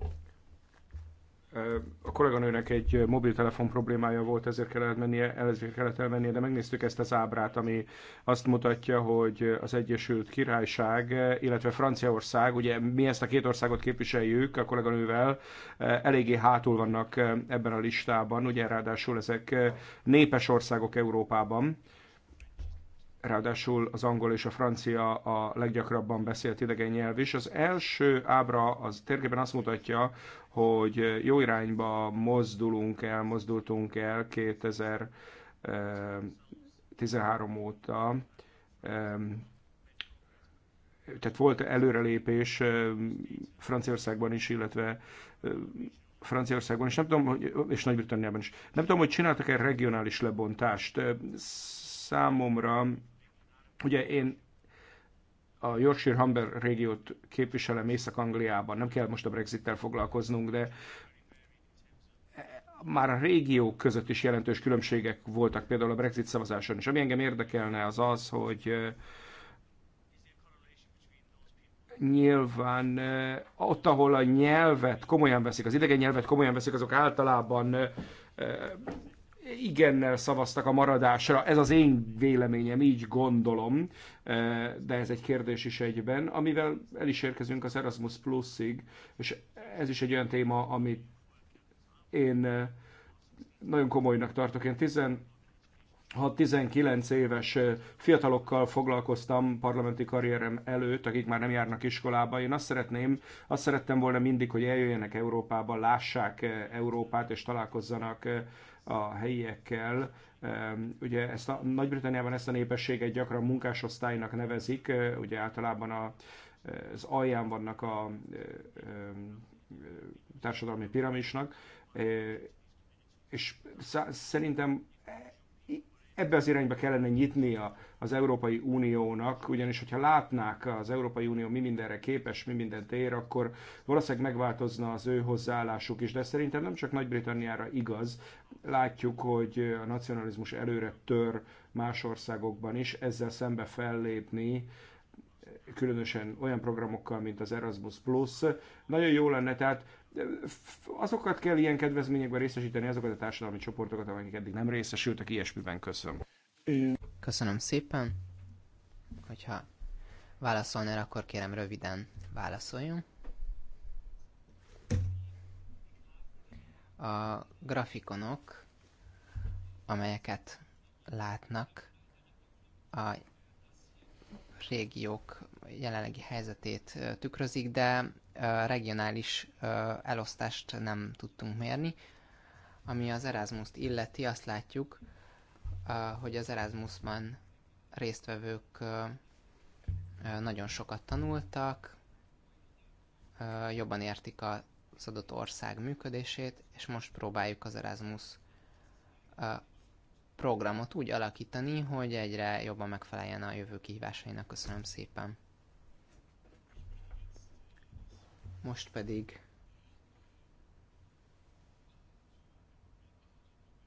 a kolléganőnek egy mobiltelefon problémája volt, ezért kellett, mennie, ezért kellett elmennie, de megnéztük ezt az ábrát, ami azt mutatja, hogy az Egyesült Királyság, illetve Franciaország, ugye mi ezt a két országot képviseljük a kolléganővel, eléggé hátul vannak ebben a listában, ugye ráadásul ezek népes országok Európában, ráadásul az angol és a francia a leggyakrabban beszélt idegen nyelv is. Az első ábra az térképen azt mutatja, hogy jó irányba mozdulunk el, mozdultunk el 2013 óta. Tehát volt előrelépés Franciaországban is, illetve Franciaországban is, nem tudom, hogy, és Nagy-Britanniában is. Nem tudom, hogy csináltak-e regionális lebontást számomra, ugye én a Yorkshire Humber régiót képviselem Észak-Angliában, nem kell most a Brexit-tel foglalkoznunk, de már a régiók között is jelentős különbségek voltak, például a Brexit szavazáson és Ami engem érdekelne az az, hogy nyilván ott, ahol a nyelvet komolyan veszik, az idegen nyelvet komolyan veszik, azok általában igennel szavaztak a maradásra. Ez az én véleményem, így gondolom, eh, de ez egy kérdés is egyben, amivel el is érkezünk az Erasmus Plus-ig, és ez is egy olyan téma, amit én eh, nagyon komolynak tartok. Én 16-19 éves eh, fiatalokkal foglalkoztam parlamenti karrierem előtt, akik már nem járnak iskolába. Én azt szeretném, azt szerettem volna mindig, hogy eljöjjenek Európába, lássák Európát és találkozzanak a helyiekkel. Ugye ezt a, Nagy-Britanniában ezt a népességet gyakran munkásosztálynak nevezik, ugye általában a, az alján vannak a, a társadalmi piramisnak, és szerintem e- ebbe az irányba kellene nyitni a az Európai Uniónak, ugyanis hogyha látnák az Európai Unió mi mindenre képes, mi mindent ér, akkor valószínűleg megváltozna az ő hozzáállásuk is, de szerintem nem csak Nagy-Britanniára igaz, látjuk, hogy a nacionalizmus előre tör más országokban is, ezzel szembe fellépni, különösen olyan programokkal, mint az Erasmus Plus. Nagyon jó lenne, tehát azokat kell ilyen kedvezményekben részesíteni, azokat a társadalmi csoportokat, amelyek eddig nem részesültek, ilyesmiben köszönöm. Köszönöm szépen. Hogyha válaszolnál, akkor kérem röviden válaszoljon. A grafikonok, amelyeket látnak, a régiók jelenlegi helyzetét tükrözik, de regionális elosztást nem tudtunk mérni. Ami az Erasmus-t illeti, azt látjuk, hogy az Erasmusban résztvevők nagyon sokat tanultak, jobban értik az adott ország működését, és most próbáljuk az Erasmus programot úgy alakítani, hogy egyre jobban megfeleljen a jövő kihívásainak. Köszönöm szépen! Most pedig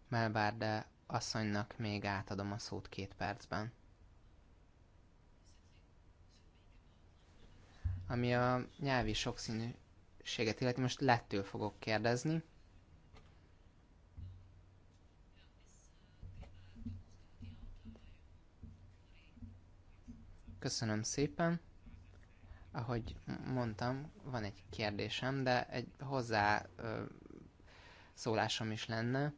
Melbárde asszonynak még átadom a szót két percben. Ami a nyelvi sokszínűséget illeti, most lettől fogok kérdezni. Köszönöm szépen. Ahogy mondtam, van egy kérdésem, de egy hozzá ö, szólásom is lenne.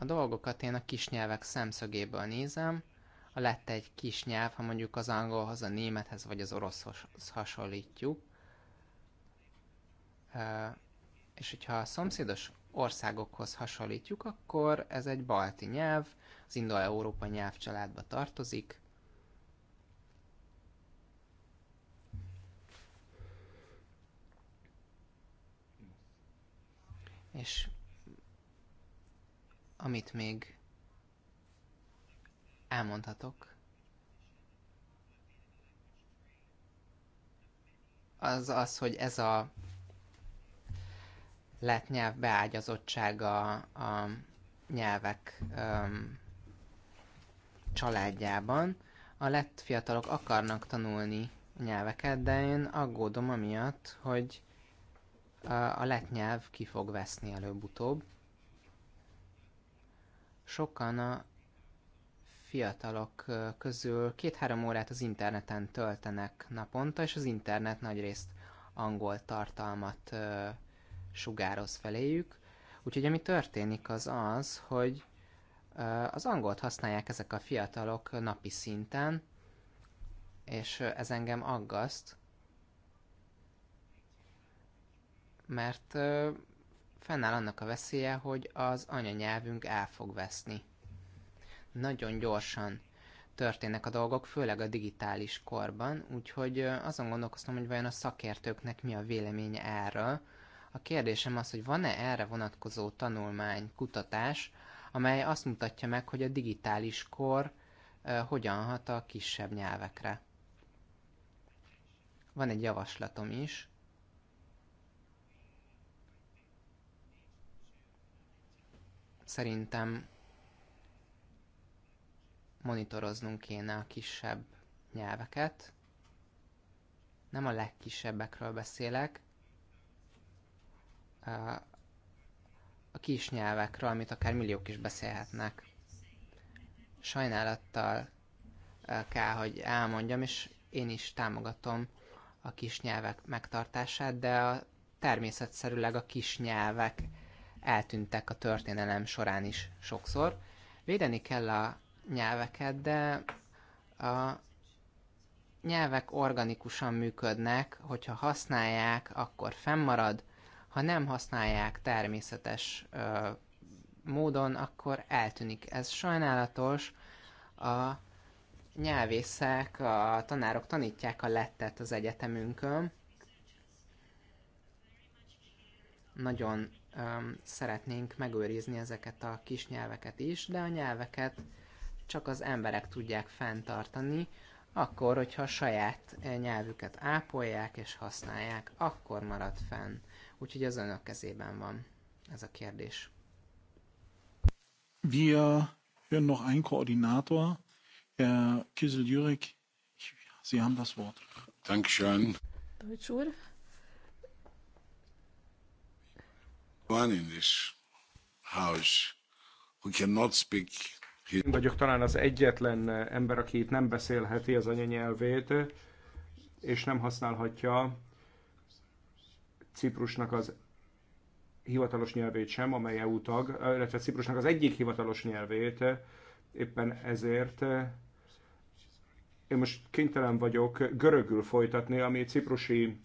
a dolgokat én a kis nyelvek szemszögéből nézem, A lett egy kis nyelv, ha mondjuk az angolhoz, a némethez vagy az oroszhoz hasonlítjuk, és hogyha a szomszédos országokhoz hasonlítjuk, akkor ez egy balti nyelv, az indo-európa nyelvcsaládba tartozik. És amit még elmondhatok, az az, hogy ez a lett nyelv beágyazottsága a nyelvek um, családjában. A lett fiatalok akarnak tanulni nyelveket, de én aggódom amiatt, hogy a lett nyelv ki fog veszni előbb-utóbb sokan a fiatalok közül két-három órát az interneten töltenek naponta, és az internet nagyrészt angol tartalmat sugároz feléjük. Úgyhogy ami történik az az, hogy az angolt használják ezek a fiatalok napi szinten, és ez engem aggaszt, mert fennáll annak a veszélye, hogy az anyanyelvünk el fog veszni. Nagyon gyorsan történnek a dolgok, főleg a digitális korban, úgyhogy azon gondolkoztam, hogy vajon a szakértőknek mi a véleménye erről. A kérdésem az, hogy van-e erre vonatkozó tanulmány, kutatás, amely azt mutatja meg, hogy a digitális kor hogyan hat a kisebb nyelvekre. Van egy javaslatom is, Szerintem monitoroznunk kéne a kisebb nyelveket. Nem a legkisebbekről beszélek, a kis nyelvekről, amit akár milliók is beszélhetnek. Sajnálattal kell, hogy elmondjam, és én is támogatom a kis nyelvek megtartását, de a természetszerűleg a kis nyelvek eltűntek a történelem során is sokszor. Védeni kell a nyelveket, de a nyelvek organikusan működnek, hogyha használják, akkor fennmarad, ha nem használják természetes ö, módon, akkor eltűnik. Ez sajnálatos. A nyelvészek, a tanárok tanítják a lettet az egyetemünkön. Nagyon um, szeretnénk megőrizni ezeket a kis nyelveket is, de a nyelveket csak az emberek tudják fenntartani, akkor, hogyha a saját eh, nyelvüket ápolják és használják, akkor marad fenn. Úgyhogy az önök kezében van ez a kérdés. Wir hören noch einen Koordinator, Herr kisel Sie haben das Wort. Dankeschön. Deutsch úr, one in this house who cannot speak his... Én vagyok talán az egyetlen eh, ember, aki itt nem beszélheti az anyanyelvét, eh, és nem használhatja Ciprusnak az hivatalos nyelvét sem, amely EU tag, eh, illetve Ciprusnak az egyik hivatalos nyelvét, éppen ezért én most kénytelen vagyok görögül folytatni, ami ciprusi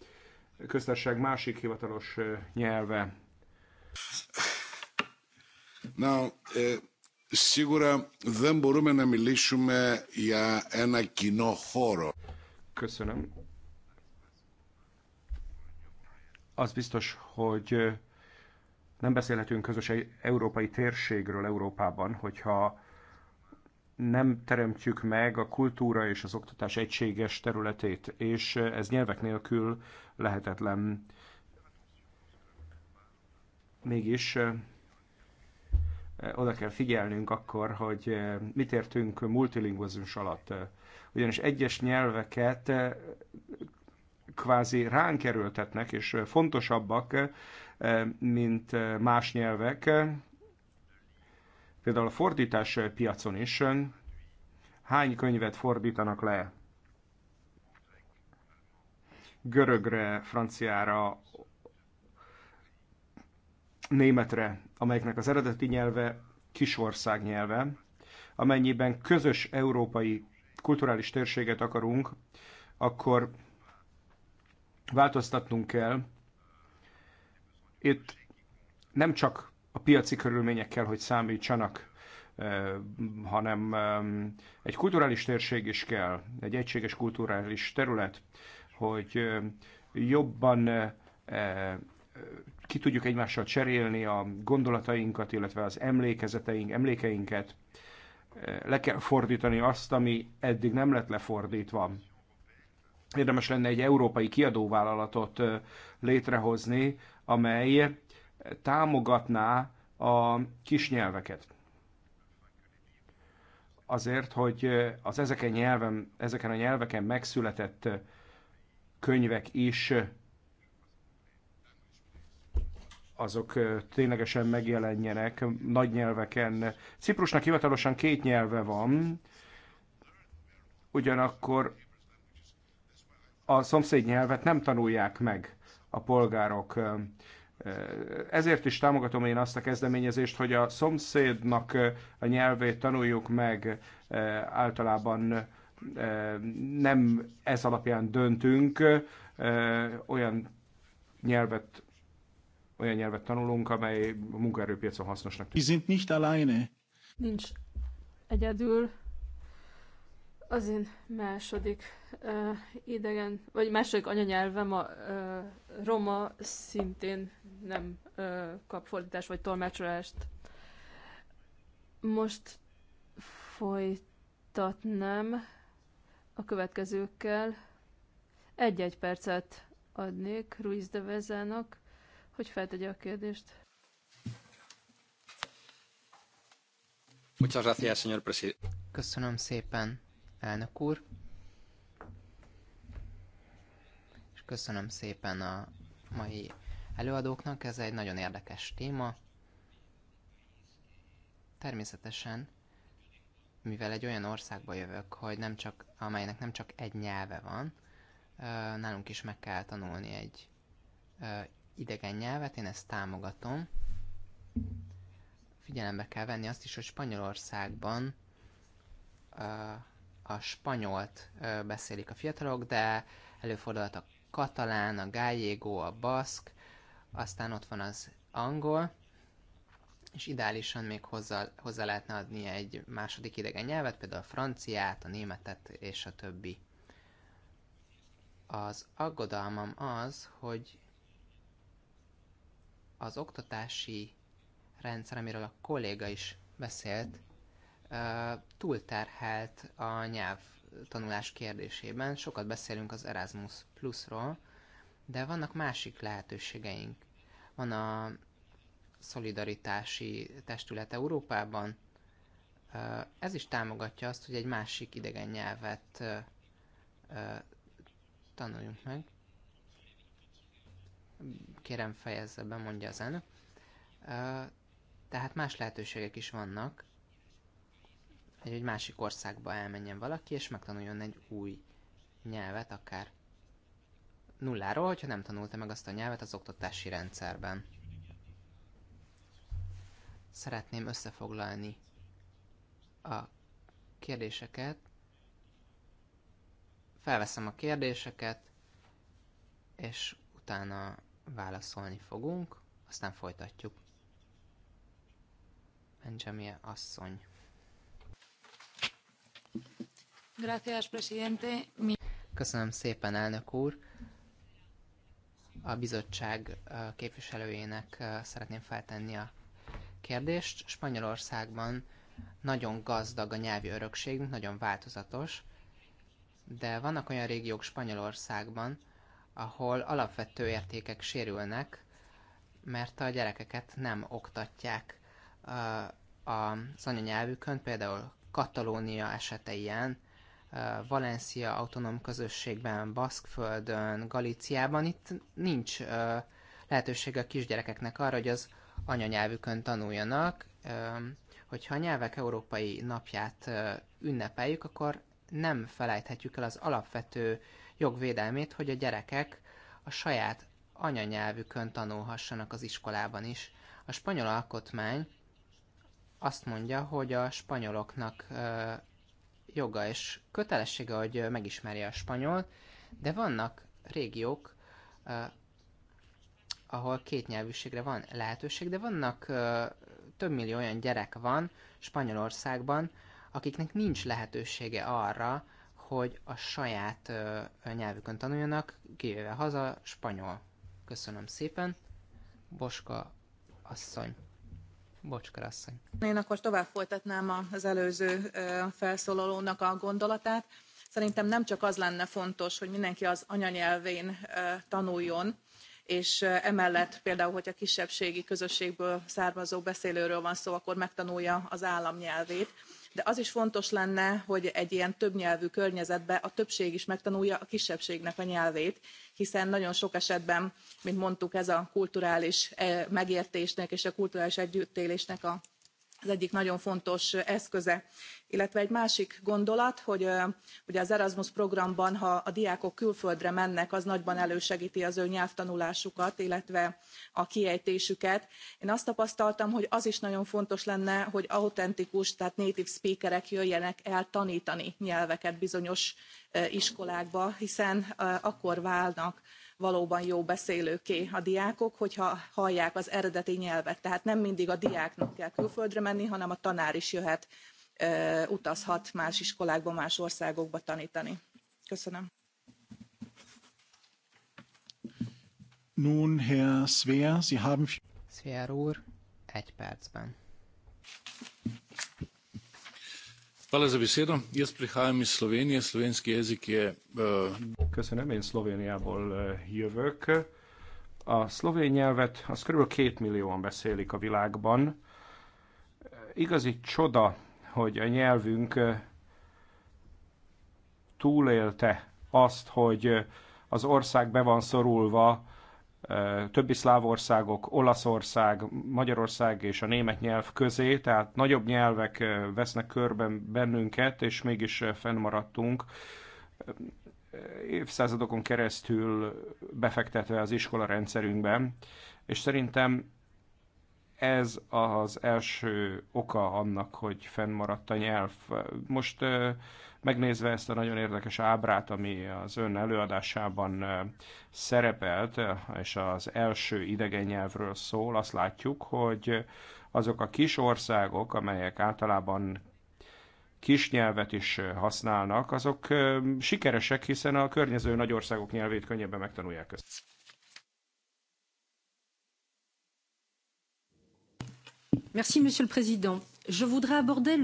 köztársaság másik hivatalos nyelve. Now, ε, σίγουρα δεν μπορούμε να μιλήσουμε για ένα κοινό χώρο. Köszönöm. Az biztos, hogy eh, nem beszélhetünk közös e- európai térségről Európában, hogyha nem teremtjük meg a kultúra és az oktatás egységes területét, és eh, ez nyelvek nélkül lehetetlen mégis oda kell figyelnünk akkor, hogy mit értünk multilingvizmus alatt. Ugyanis egyes nyelveket kvázi ránk erőltetnek, és fontosabbak, mint más nyelvek. Például a fordítás piacon is hány könyvet fordítanak le görögre, franciára, németre, amelyeknek az eredeti nyelve kisország nyelve, amennyiben közös európai kulturális térséget akarunk, akkor változtatnunk kell. Itt nem csak a piaci kell, hogy számítsanak, eh, hanem egy kulturális térség is kell, egy egységes kulturális terület, hogy eh, jobban eh, ki tudjuk egymással cserélni a gondolatainkat, illetve az emlékezeteink, emlékeinket. Le kell fordítani azt, ami eddig nem lett lefordítva. Érdemes lenne egy európai kiadóvállalatot létrehozni, amely támogatná a kis nyelveket, azért, hogy az ezeken, nyelven, ezeken a nyelveken megszületett könyvek is azok ténylegesen megjelenjenek nagy nyelveken. Ciprusnak hivatalosan két nyelve van, ugyanakkor a szomszéd nyelvet nem tanulják meg a polgárok. Ezért is támogatom én azt a kezdeményezést, hogy a szomszédnak a nyelvét tanuljuk meg általában nem ez alapján döntünk, olyan nyelvet olyan nyelvet tanulunk, amely a munkaerőpiacon hasznosnak tűnik. sind nicht alleine. Nincs egyedül. Az én második uh, idegen, vagy második anyanyelvem a uh, roma szintén nem uh, kap fordítást vagy tolmácsolást. Most folytatnám a következőkkel. Egy-egy percet adnék Ruiz de Vezának hogy feltegye a kérdést. Muchas gracias, señor presidente. Köszönöm szépen, elnök úr. És köszönöm szépen a mai előadóknak, ez egy nagyon érdekes téma. Természetesen, mivel egy olyan országba jövök, hogy nem csak, amelynek nem csak egy nyelve van, nálunk is meg kell tanulni egy idegen nyelvet, én ezt támogatom. Figyelembe kell venni azt is, hogy Spanyolországban a spanyolt beszélik a fiatalok, de előfordulhat a katalán, a gájégó, a baszk, aztán ott van az angol, és ideálisan még hozzá, hozzá lehetne adni egy második idegen nyelvet, például a franciát, a németet és a többi. Az aggodalmam az, hogy az oktatási rendszer, amiről a kolléga is beszélt, túlterhelt a nyelv tanulás kérdésében. Sokat beszélünk az Erasmus Plus-ról, de vannak másik lehetőségeink. Van a szolidaritási testület Európában, ez is támogatja azt, hogy egy másik idegen nyelvet tanuljunk meg kérem fejezze be, mondja az elnök. Tehát más lehetőségek is vannak, hogy egy másik országba elmenjen valaki, és megtanuljon egy új nyelvet, akár nulláról, hogyha nem tanulta meg azt a nyelvet az oktatási rendszerben. Szeretném összefoglalni a kérdéseket. Felveszem a kérdéseket, és utána válaszolni fogunk, aztán folytatjuk. Benjamin asszony. Gracias, presidente. Köszönöm szépen, elnök úr. A bizottság képviselőjének szeretném feltenni a kérdést. Spanyolországban nagyon gazdag a nyelvi örökségünk, nagyon változatos, de vannak olyan régiók Spanyolországban, ahol alapvető értékek sérülnek, mert a gyerekeket nem oktatják az anyanyelvükön, például Katalónia esete ilyen, Valencia autonóm közösségben, Baszkföldön, Galíciában, itt nincs lehetőség a kisgyerekeknek arra, hogy az anyanyelvükön tanuljanak. Hogyha a nyelvek európai napját ünnepeljük, akkor nem felejthetjük el az alapvető jogvédelmét, hogy a gyerekek a saját anyanyelvükön tanulhassanak az iskolában is. A spanyol alkotmány azt mondja, hogy a spanyoloknak joga és kötelessége, hogy megismerje a spanyol, de vannak régiók, ahol kétnyelvűségre van lehetőség, de vannak több millió olyan gyerek van Spanyolországban, akiknek nincs lehetősége arra, hogy a saját ö, nyelvükön tanuljanak, kivéve haza, spanyol. Köszönöm szépen. Boska asszony. Bocskar asszony. Én akkor tovább folytatnám az előző felszólalónak a gondolatát. Szerintem nem csak az lenne fontos, hogy mindenki az anyanyelvén tanuljon, és emellett például, hogyha kisebbségi közösségből származó beszélőről van szó, akkor megtanulja az államnyelvét de az is fontos lenne hogy egy ilyen többnyelvű környezetben a többség is megtanulja a kisebbségnek a nyelvét hiszen nagyon sok esetben mint mondtuk ez a kulturális eh, megértésnek és a kulturális együttélésnek a az egyik nagyon fontos eszköze. illetve egy másik gondolat hogy ugye az erasmus programban ha a diákok külföldre mennek az nagyban elősegti az ő nyelvtanulásukat illetve a kiejtésüket. én azt tapasztaltam hogy az is nagyon fontos lenne hogy autentikus tehát native speakerek jöjjenek el tantani nyelveket bizonyos iskolákba hiszen akkor válnak valóban jó beszélőké a diákok, hogyha hallják az eredeti nyelvet. Tehát nem mindig a diáknak kell külföldre menni, hanem a tanár is jöhet, utazhat más iskolákba, más országokba tanítani. Köszönöm. Nun, Herr Svea, Sie haben... Svea úr, egy percben. Hvala za besedo. Jaz prihajam iz Slovenije, jezik je... Eh, Köszönöm, én Szlovéniából eh, jövök. A szlovén nyelvet az kb. két millióan beszélik a világban. Eh, igazi csoda, hogy a nyelvünk túlélte azt, hogy az ország be van szorulva többi szláv országok, Olaszország, Magyarország és a német nyelv közé, tehát nagyobb nyelvek vesznek körben bennünket, és mégis fennmaradtunk évszázadokon keresztül befektetve az iskola rendszerünkben, és szerintem ez az első oka annak, hogy fennmaradt a nyelv. Most megnézve ezt a nagyon érdekes ábrát, ami az ön előadásában szerepelt, és az első idegen nyelvről szól, azt látjuk, hogy azok a kis országok, amelyek általában kis nyelvet is használnak, azok sikeresek, hiszen a környező nagy országok nyelvét könnyebben megtanulják ezt. Merci, Monsieur le Président. Je voudrais aborder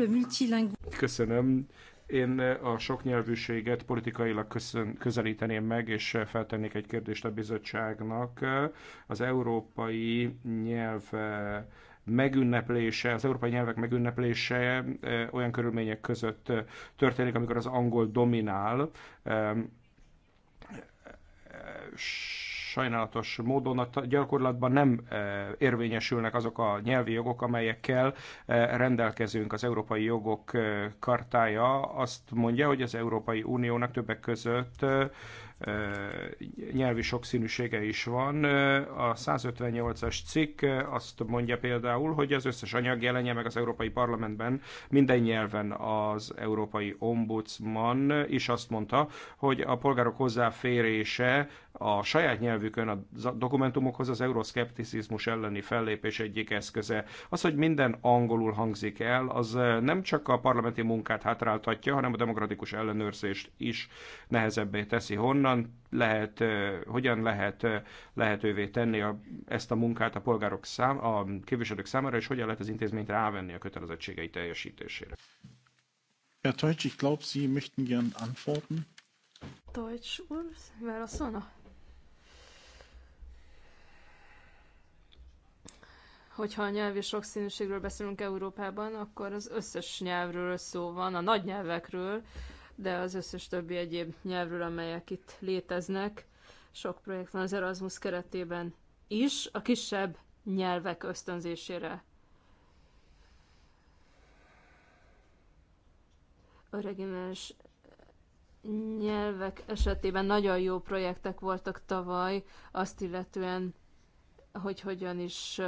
le Köszönöm, én a soknyelvűséget politikailag köszön, közelíteném meg, és feltennék egy kérdést a bizottságnak. Az európai nyelv megünneplése, az európai nyelvek megünneplése eh, olyan körülmények között történik, amikor az angol dominál eh, sajnálatos módon a gyakorlatban nem e, érvényesülnek azok a nyelvi jogok, amelyekkel e, rendelkezünk. Az Európai Jogok e, Kartája azt mondja, hogy az Európai Uniónak többek között nyelvi sokszínűsége is van. A 158-as cikk azt mondja például, hogy az összes anyag jelenje meg az Európai Parlamentben minden nyelven az Európai Ombudsman is azt mondta, hogy a polgárok hozzáférése a saját nyelvükön a dokumentumokhoz az euroszkepticizmus elleni fellépés egyik eszköze. Az, hogy minden angolul hangzik el, az eh, nem csak a parlamenti munkát hátráltatja, hanem a demokratikus ellenőrzést is nehezebbé teszi. Honnan lehet, eh, hogyan lehet eh, lehetővé tenni a, ezt a munkát a polgárok szám, a képviselők számára, és hogyan lehet az intézményt rávenni a kötelezettségei teljesítésére. Herr Teutsch, ich glaube, Sie möchten gern antworten. Deutsch wer so noch? hogyha a nyelvi sokszínűségről beszélünk Európában, akkor az összes nyelvről szó van, a nagy nyelvekről, de az összes többi egyéb nyelvről, amelyek itt léteznek. Sok projekt van az Erasmus keretében is, a kisebb nyelvek ösztönzésére. A regionális nyelvek esetében nagyon jó projektek voltak tavaly, azt illetően, hogy hogyan is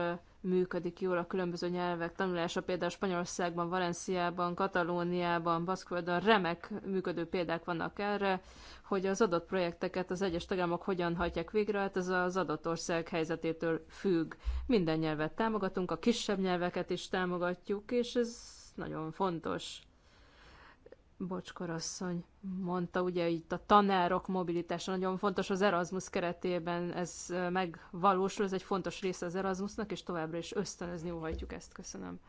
működik jól a különböző nyelvek tanulása, például Spanyolországban, Valenciában, Katalóniában, Baszkföldön remek működő példák vannak erre, hogy az adott projekteket az egyes tagállamok hogyan hajtják végre, hát ez az adott ország helyzetétől függ. Minden nyelvet támogatunk, a kisebb nyelveket is támogatjuk, és ez nagyon fontos. Bocskorasszony mondta, ugye itt a tanárok mobilitása nagyon fontos az Erasmus keretében, ez megvalósul, ez egy fontos része az Erasmusnak, és továbbra is ösztönözni óhajtjuk ezt. Köszönöm.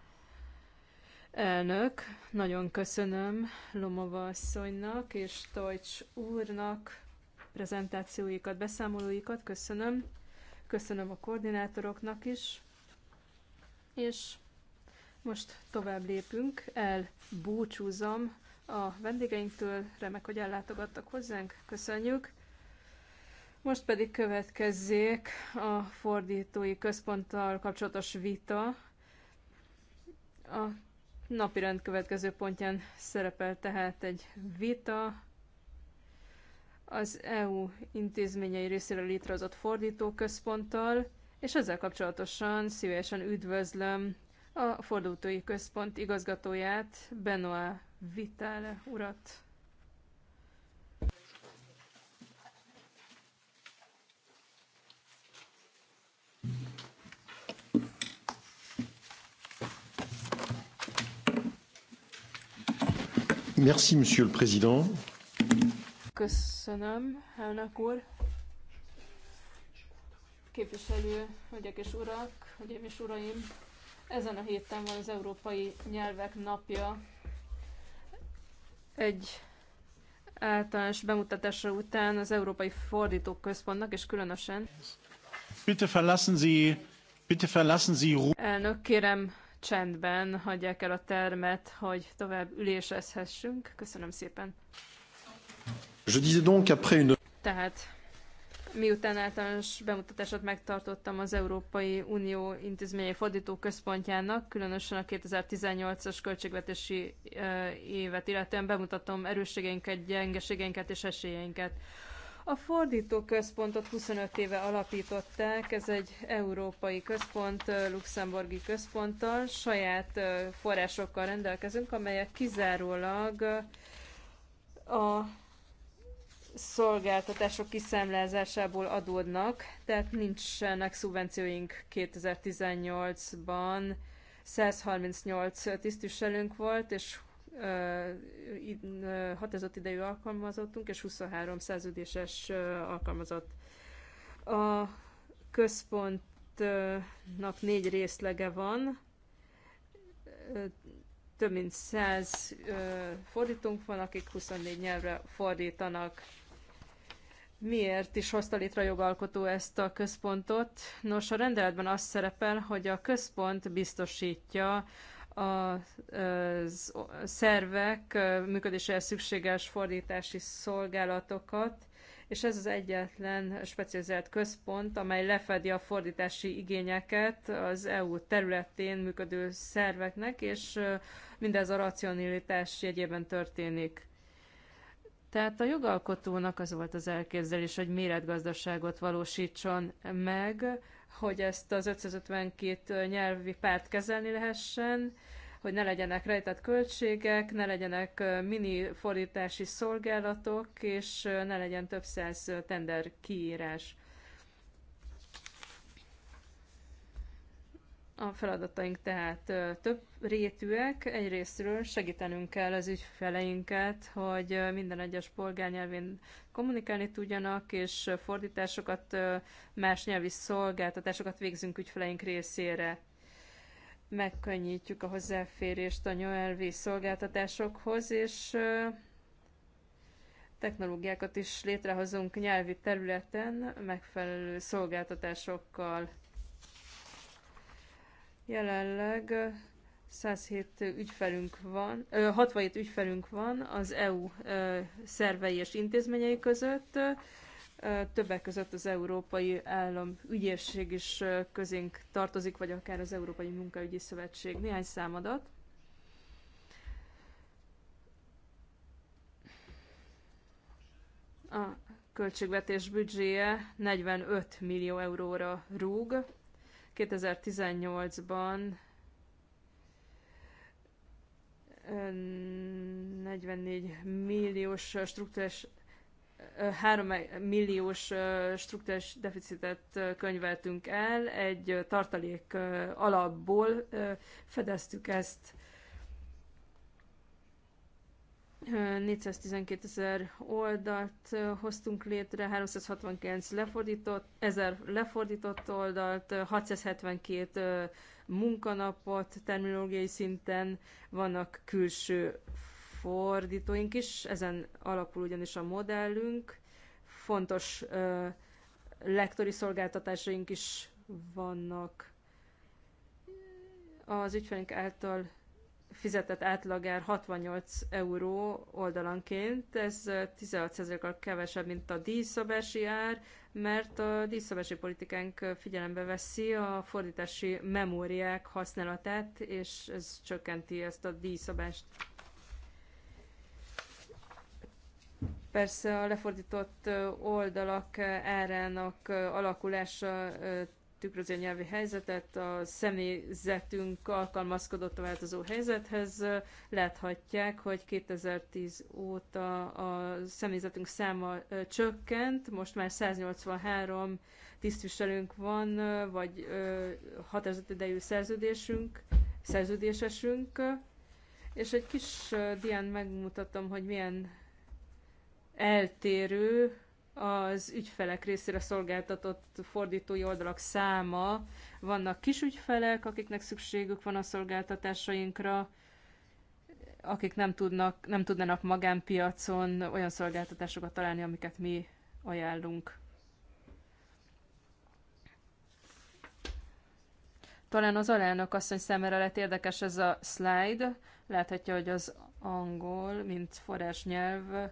Elnök, nagyon köszönöm Lomova asszonynak és Tojcs úrnak prezentációikat, beszámolóikat, köszönöm. Köszönöm a koordinátoroknak is. És most tovább lépünk, elbúcsúzom a vendégeinktől, remek, hogy ellátogattak hozzánk, köszönjük. Most pedig következzék a fordítói központtal kapcsolatos vita. A napirend következő pontján szerepel tehát egy vita az EU intézményei részére létrehozott fordítóközponttal, és ezzel kapcsolatosan szívesen üdvözlöm a fordítói központ igazgatóját, Benoit Vitale urat. Merci, Monsieur le Président. Köszönöm, elnök úr. Képviselő, hölgyek és urak, hölgyeim és uraim, ezen a héten van az Európai Nyelvek Napja, egy általános bemutatása után az Európai Fordítók Központnak, és különösen... Bitte verlassen Sie, bitte verlassen Sie Elnök, kérem csendben hagyják el a termet, hogy tovább ülésezhessünk. Köszönöm szépen. Je disais donc après une... Tehát Miután általános bemutatását megtartottam az Európai Unió intézményei fordító központjának, különösen a 2018-as költségvetési évet, illetően bemutatom erősségeinket, gyengeségeinket és esélyeinket. A fordító központot 25 éve alapították, ez egy európai központ, luxemburgi központtal, saját forrásokkal rendelkezünk, amelyek kizárólag a szolgáltatások kiszámlázásából adódnak, tehát nincsenek szubvencióink 2018-ban. 138 tisztviselőnk volt, és uh, határozott idejű alkalmazottunk, és 23 szerződéses alkalmazott. A központnak négy részlege van, több mint 100 fordítónk van, akik 24 nyelvre fordítanak Miért is hozta létre a jogalkotó ezt a központot? Nos, a rendeletben az szerepel, hogy a központ biztosítja a szervek működéséhez szükséges fordítási szolgálatokat, és ez az egyetlen specializált központ, amely lefedi a fordítási igényeket az EU területén működő szerveknek, és mindez a racionalitás jegyében történik. Tehát a jogalkotónak az volt az elképzelés, hogy méretgazdaságot valósítson meg, hogy ezt az 552 nyelvi párt kezelni lehessen, hogy ne legyenek rejtett költségek, ne legyenek mini fordítási szolgálatok, és ne legyen több száz tender kiírás. A feladataink tehát több rétűek. Egyrésztről segítenünk kell az ügyfeleinket, hogy minden egyes polgárnyelvén kommunikálni tudjanak, és fordításokat, más nyelvi szolgáltatásokat végzünk ügyfeleink részére. Megkönnyítjük a hozzáférést a nyelvi szolgáltatásokhoz, és technológiákat is létrehozunk nyelvi területen megfelelő szolgáltatásokkal Jelenleg 107 ügyfelünk van, 67 ügyfelünk van az EU szervei és intézményei között, többek között az Európai Állam ügyészség is közénk tartozik, vagy akár az Európai Munkaügyi Szövetség. Néhány számadat. A költségvetés büdzséje 45 millió euróra rúg, 2018-ban 44 milliós struktúrás 3 milliós struktúrás deficitet könyveltünk el, egy tartalék alapból fedeztük ezt 412 ezer oldalt hoztunk létre, 369 lefordított, 1000 lefordított oldalt, 672 munkanapot terminológiai szinten, vannak külső fordítóink is, ezen alapul ugyanis a modellünk, fontos lektori szolgáltatásaink is vannak az ügyfelünk által fizetett átlagár 68 euró oldalanként, ez 16%-kal kevesebb, mint a díjszabási ár, mert a díjszabási politikánk figyelembe veszi a fordítási memóriák használatát, és ez csökkenti ezt a díjszabást. Persze a lefordított oldalak árának alakulása tükrözi a nyelvi helyzetet, a személyzetünk alkalmazkodott a változó helyzethez. Láthatják, hogy 2010 óta a személyzetünk száma csökkent, most már 183 tisztviselőnk van, vagy határozott idejű szerződésünk, szerződésesünk, és egy kis dián megmutatom, hogy milyen eltérő az ügyfelek részére szolgáltatott fordítói oldalak száma. Vannak kis ügyfelek, akiknek szükségük van a szolgáltatásainkra, akik nem, tudnak, nem tudnának magánpiacon olyan szolgáltatásokat találni, amiket mi ajánlunk. Talán az alelnök asszony szemére lett érdekes ez a slide. Láthatja, hogy az angol, mint forrásnyelv nyelv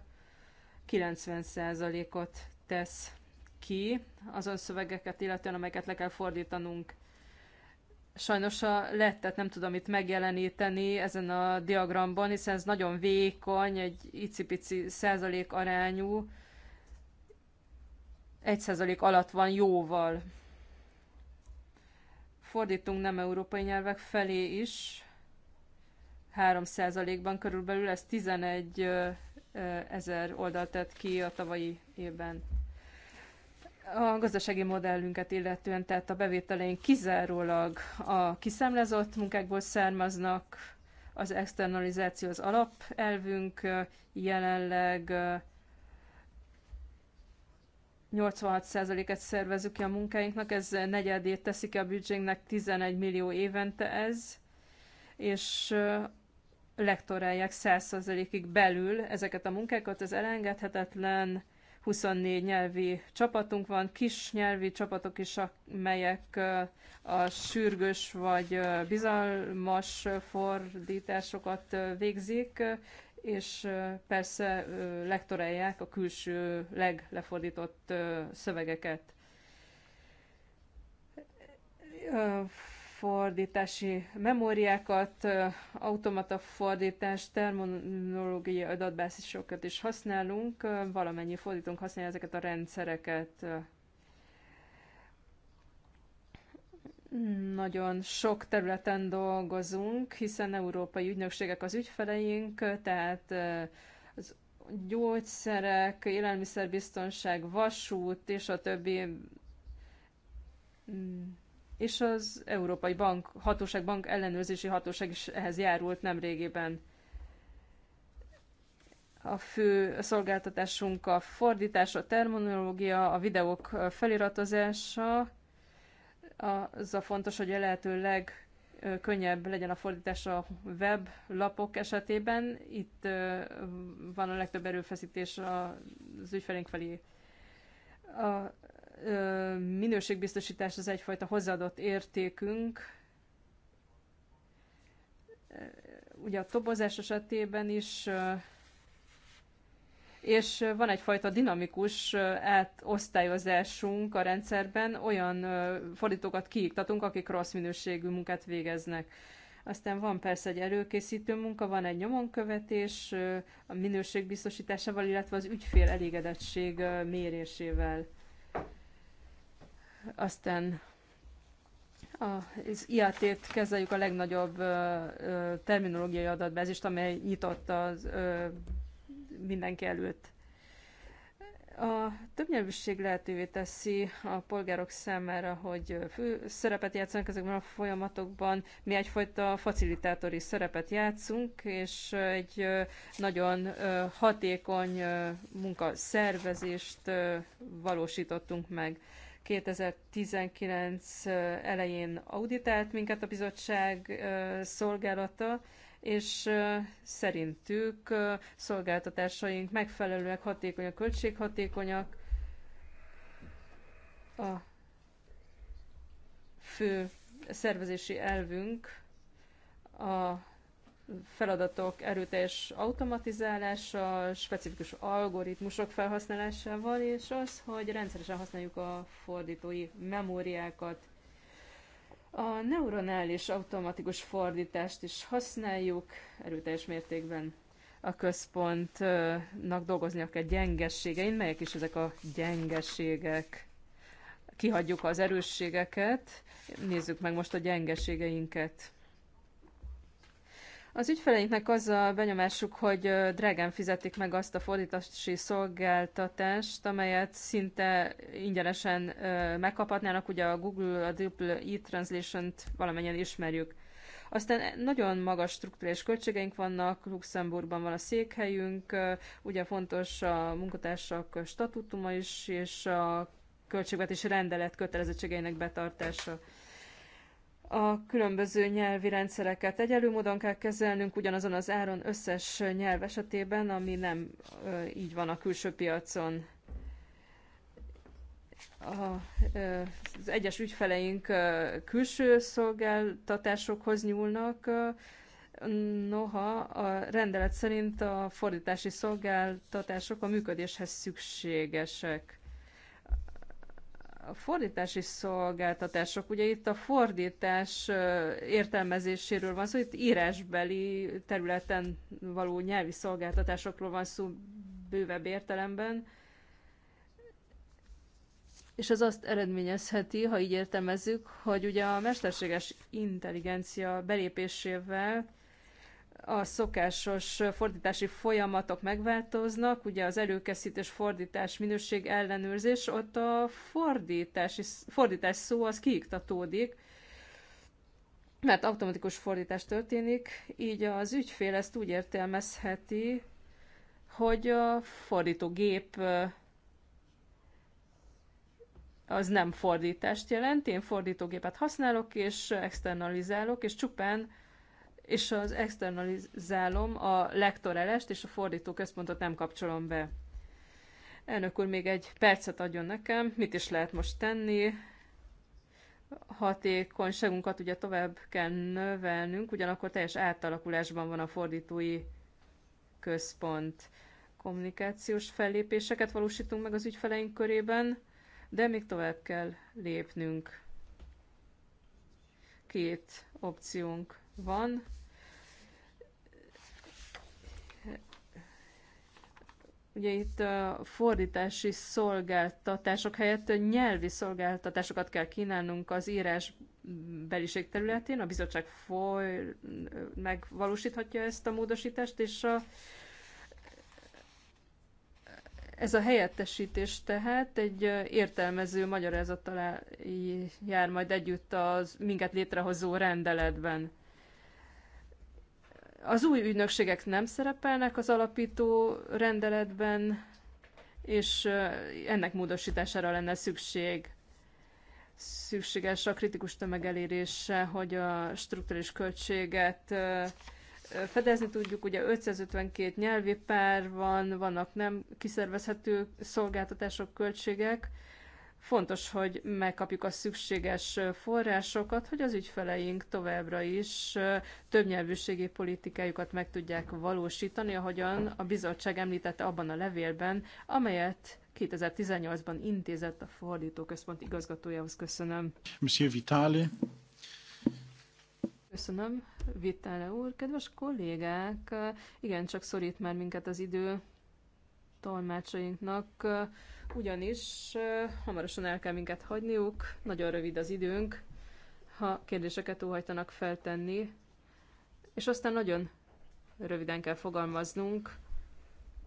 90%-ot tesz ki azon szövegeket, illetően amelyeket le kell fordítanunk. Sajnos a lettet nem tudom itt megjeleníteni ezen a diagramban, hiszen ez nagyon vékony, egy icipici százalék arányú, egy százalék alatt van jóval. Fordítunk nem európai nyelvek felé is, 3 ban körülbelül, ez 11 ezer oldalt tett ki a tavalyi évben. A gazdasági modellünket illetően, tehát a bevételeink kizárólag a kiszámlázott munkákból származnak, az externalizáció az alapelvünk, jelenleg 86%-et szervezük ki a munkáinknak, ez negyedét teszik ki a büdzsénknek, 11 millió évente ez, és lektorálják 100%-ig belül ezeket a munkákat, az elengedhetetlen 24 nyelvi csapatunk van, kis nyelvi csapatok is, amelyek a sürgős vagy bizalmas fordításokat végzik, és persze lektorálják a külső leglefordított szövegeket fordítási memóriákat, automata fordítást, terminológiai adatbázisokat is használunk, valamennyi fordítunk használja ezeket a rendszereket. Nagyon sok területen dolgozunk, hiszen európai ügynökségek az ügyfeleink, tehát az gyógyszerek, élelmiszerbiztonság, vasút és a többi mm és az Európai Bank, Hatóság Bank ellenőrzési hatóság is ehhez járult régében. A fő szolgáltatásunk a fordítás, a terminológia, a videók feliratozása. Az a fontos, hogy a lehető legkönnyebb legyen a fordítás a weblapok esetében. Itt van a legtöbb erőfeszítés az ügyfelénk felé. A minőségbiztosítás az egyfajta hozzáadott értékünk. Ugye a tobozás esetében is és van egyfajta dinamikus átosztályozásunk a rendszerben, olyan fordítókat kiiktatunk, akik rossz minőségű munkát végeznek. Aztán van persze egy előkészítő munka, van egy nyomonkövetés a minőség biztosításával, illetve az ügyfél elégedettség mérésével. Aztán az IAT-t kezeljük a legnagyobb terminológiai adatbázist, amely nyitott az mindenki előtt. A többnyelvűség lehetővé teszi a polgárok számára, hogy fő szerepet játszanak ezekben a folyamatokban. Mi egyfajta facilitátori szerepet játszunk, és egy nagyon hatékony munkaszervezést valósítottunk meg. 2019 elején auditált minket a bizottság szolgálata, és szerintük szolgáltatásaink megfelelőek, hatékonyak, költséghatékonyak. A fő szervezési elvünk a feladatok erőteljes automatizálása, specifikus algoritmusok felhasználásával, és az, hogy rendszeresen használjuk a fordítói memóriákat. A neuronális automatikus fordítást is használjuk erőteljes mértékben a központnak dolgoznia kell gyengességein. Melyek is ezek a gyengeségek? Kihagyjuk az erősségeket, nézzük meg most a gyengeségeinket. Az ügyfeleinknek az a benyomásuk, hogy drágán fizetik meg azt a fordítási szolgáltatást, amelyet szinte ingyenesen megkaphatnának, ugye a Google, a Double e-translation-t valamennyien ismerjük. Aztán nagyon magas struktúrás költségeink vannak, Luxemburgban van a székhelyünk, ugye fontos a munkatársak statutuma is, és a költségvetési rendelet kötelezettségeinek betartása a különböző nyelvi rendszereket egyelő módon kell kezelnünk, ugyanazon az áron összes nyelv esetében, ami nem így van a külső piacon. A, az egyes ügyfeleink külső szolgáltatásokhoz nyúlnak, noha a rendelet szerint a fordítási szolgáltatások a működéshez szükségesek a fordítási szolgáltatások, ugye itt a fordítás értelmezéséről van szó, itt írásbeli területen való nyelvi szolgáltatásokról van szó bővebb értelemben, és ez azt eredményezheti, ha így értelmezzük, hogy ugye a mesterséges intelligencia belépésével a szokásos fordítási folyamatok megváltoznak, ugye az előkészítés, fordítás, minőség, ellenőrzés, ott a fordítás, fordítás szó az kiiktatódik, mert automatikus fordítás történik, így az ügyfél ezt úgy értelmezheti, hogy a fordítógép az nem fordítást jelent, én fordítógépet használok és externalizálok, és csupán és az externalizálom a lektorelest, és a fordító központot nem kapcsolom be. Elnök úr, még egy percet adjon nekem, mit is lehet most tenni. Hatékonyságunkat ugye tovább kell növelnünk, ugyanakkor teljes átalakulásban van a fordítói központ. Kommunikációs fellépéseket valósítunk meg az ügyfeleink körében, de még tovább kell lépnünk. Két opciónk van. Ugye itt a fordítási szolgáltatások helyett nyelvi szolgáltatásokat kell kínálnunk az írás beliség területén. A bizottság foly, megvalósíthatja ezt a módosítást, és a, ez a helyettesítés tehát egy értelmező magyarázattal jár majd együtt az minket létrehozó rendeletben. Az új ügynökségek nem szerepelnek az alapító rendeletben, és ennek módosítására lenne szükség. Szükséges a kritikus tömeg elérése, hogy a strukturális költséget fedezni tudjuk, ugye 552 nyelvi pár van, vannak nem kiszervezhető szolgáltatások, költségek, Fontos, hogy megkapjuk a szükséges forrásokat, hogy az ügyfeleink továbbra is többnyelvűségi politikájukat meg tudják valósítani, ahogyan a bizottság említette abban a levélben, amelyet 2018-ban intézett a fordítóközpont igazgatójához. Köszönöm. Monsieur Vitale. Köszönöm, Vitale úr. Kedves kollégák, igen, csak szorít már minket az idő tolmácsainknak ugyanis hamarosan el kell minket hagyniuk, nagyon rövid az időnk, ha kérdéseket óhajtanak feltenni, és aztán nagyon röviden kell fogalmaznunk,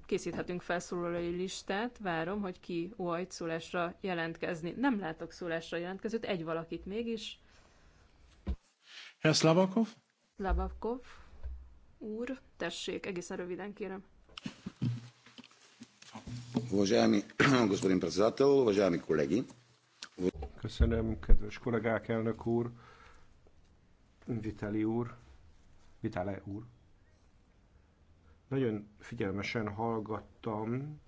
készíthetünk felszólalói listát, várom, hogy ki óhajt szólásra jelentkezni. Nem látok szólásra jelentkezőt, egy valakit mégis. Herr Slavakov? Slavakov úr, tessék, egészen röviden kérem. Уважаеми господин председател, уважаеми колеги. Köszönöm, kedves kollégák, elnök úr, Vitali úr, Vitale úr. Nagyon figyelmesen hallgattam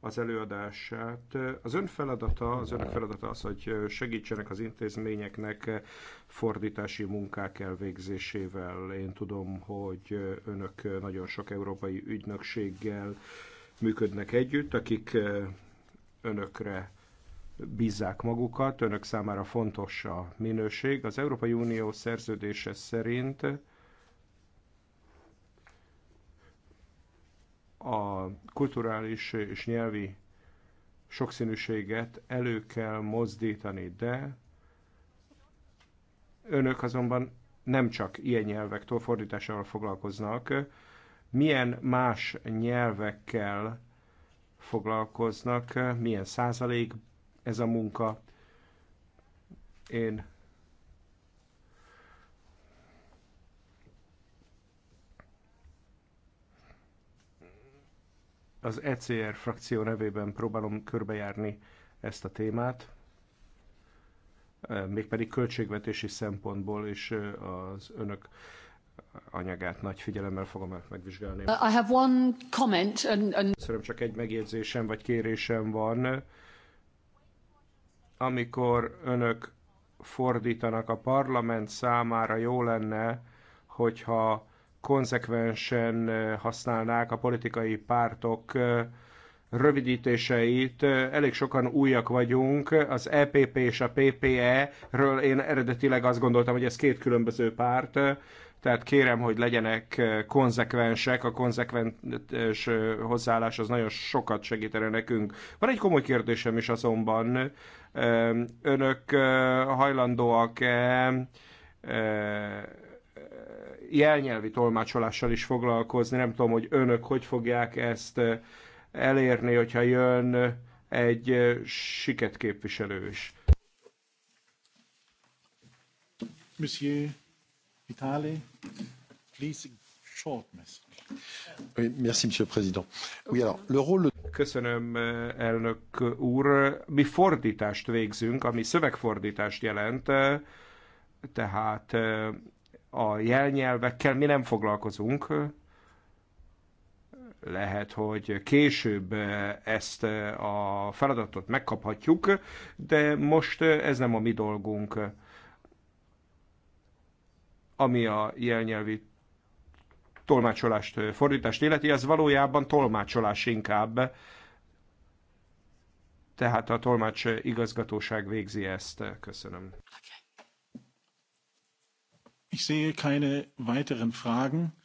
az előadását. Az ön feladata, az önök feladata az, hogy segítsenek az intézményeknek fordítási munkák elvégzésével. Én tudom, hogy önök nagyon sok európai ügynökséggel működnek együtt, akik önökre bízzák magukat, önök számára fontos a minőség. Az Európai Unió szerződése szerint a kulturális és nyelvi sokszínűséget elő kell mozdítani, de önök azonban nem csak ilyen nyelvektől fordításával foglalkoznak, milyen más nyelvekkel foglalkoznak, milyen százalék ez a munka. Én az ECR frakció nevében próbálom körbejárni ezt a témát, mégpedig költségvetési szempontból és az önök anyagát nagy figyelemmel fogom megvizsgálni. Uh, I have one comment and, and... Szerintem csak egy megjegyzésem vagy kérésem van. Amikor önök fordítanak a parlament számára, jó lenne, hogyha konzekvensen uh, használnák a politikai pártok uh, rövidítéseit. Elég sokan újak vagyunk. Az EPP és a PPE-ről én eredetileg azt gondoltam, hogy ez két különböző párt. Tehát kérem, hogy legyenek eh, konzekvensek, a konzekvens eh, hozzáállás az nagyon sokat segítene nekünk. Van egy komoly kérdésem is azonban, önök eh, hajlandóak -e jelnyelvi tolmácsolással is foglalkozni, nem tudom, hogy önök hogy fogják ezt elérni, hogyha jön egy siket képviselő is. Monsieur Vitali, please short message. merci, Monsieur le Président. Oui, alors, le rôle... Köszönöm, eh, elnök úr. Mi fordítást végzünk, ami szövegfordítást jelent, eh, tehát eh, a jelnyelvekkel mi nem foglalkozunk. Lehet, hogy később ezt a feladatot megkaphatjuk, de most ez nem a mi dolgunk ami a jelnyelvi tolmácsolást, fordítást illeti, ez valójában tolmácsolás inkább, tehát a tolmács igazgatóság végzi ezt. Köszönöm. Ich sehe keine weiteren Fragen.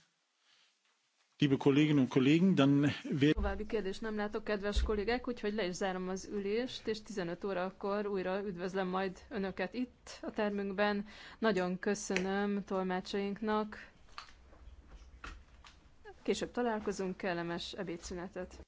Liebe Kolleginnen und Kollegen, dann További kérdést nem látok, kedves kollégák, úgyhogy le is zárom az ülést, és 15 órakor újra üdvözlöm majd Önöket itt a termünkben. Nagyon köszönöm tolmácsainknak. Később találkozunk, kellemes ebédszünetet.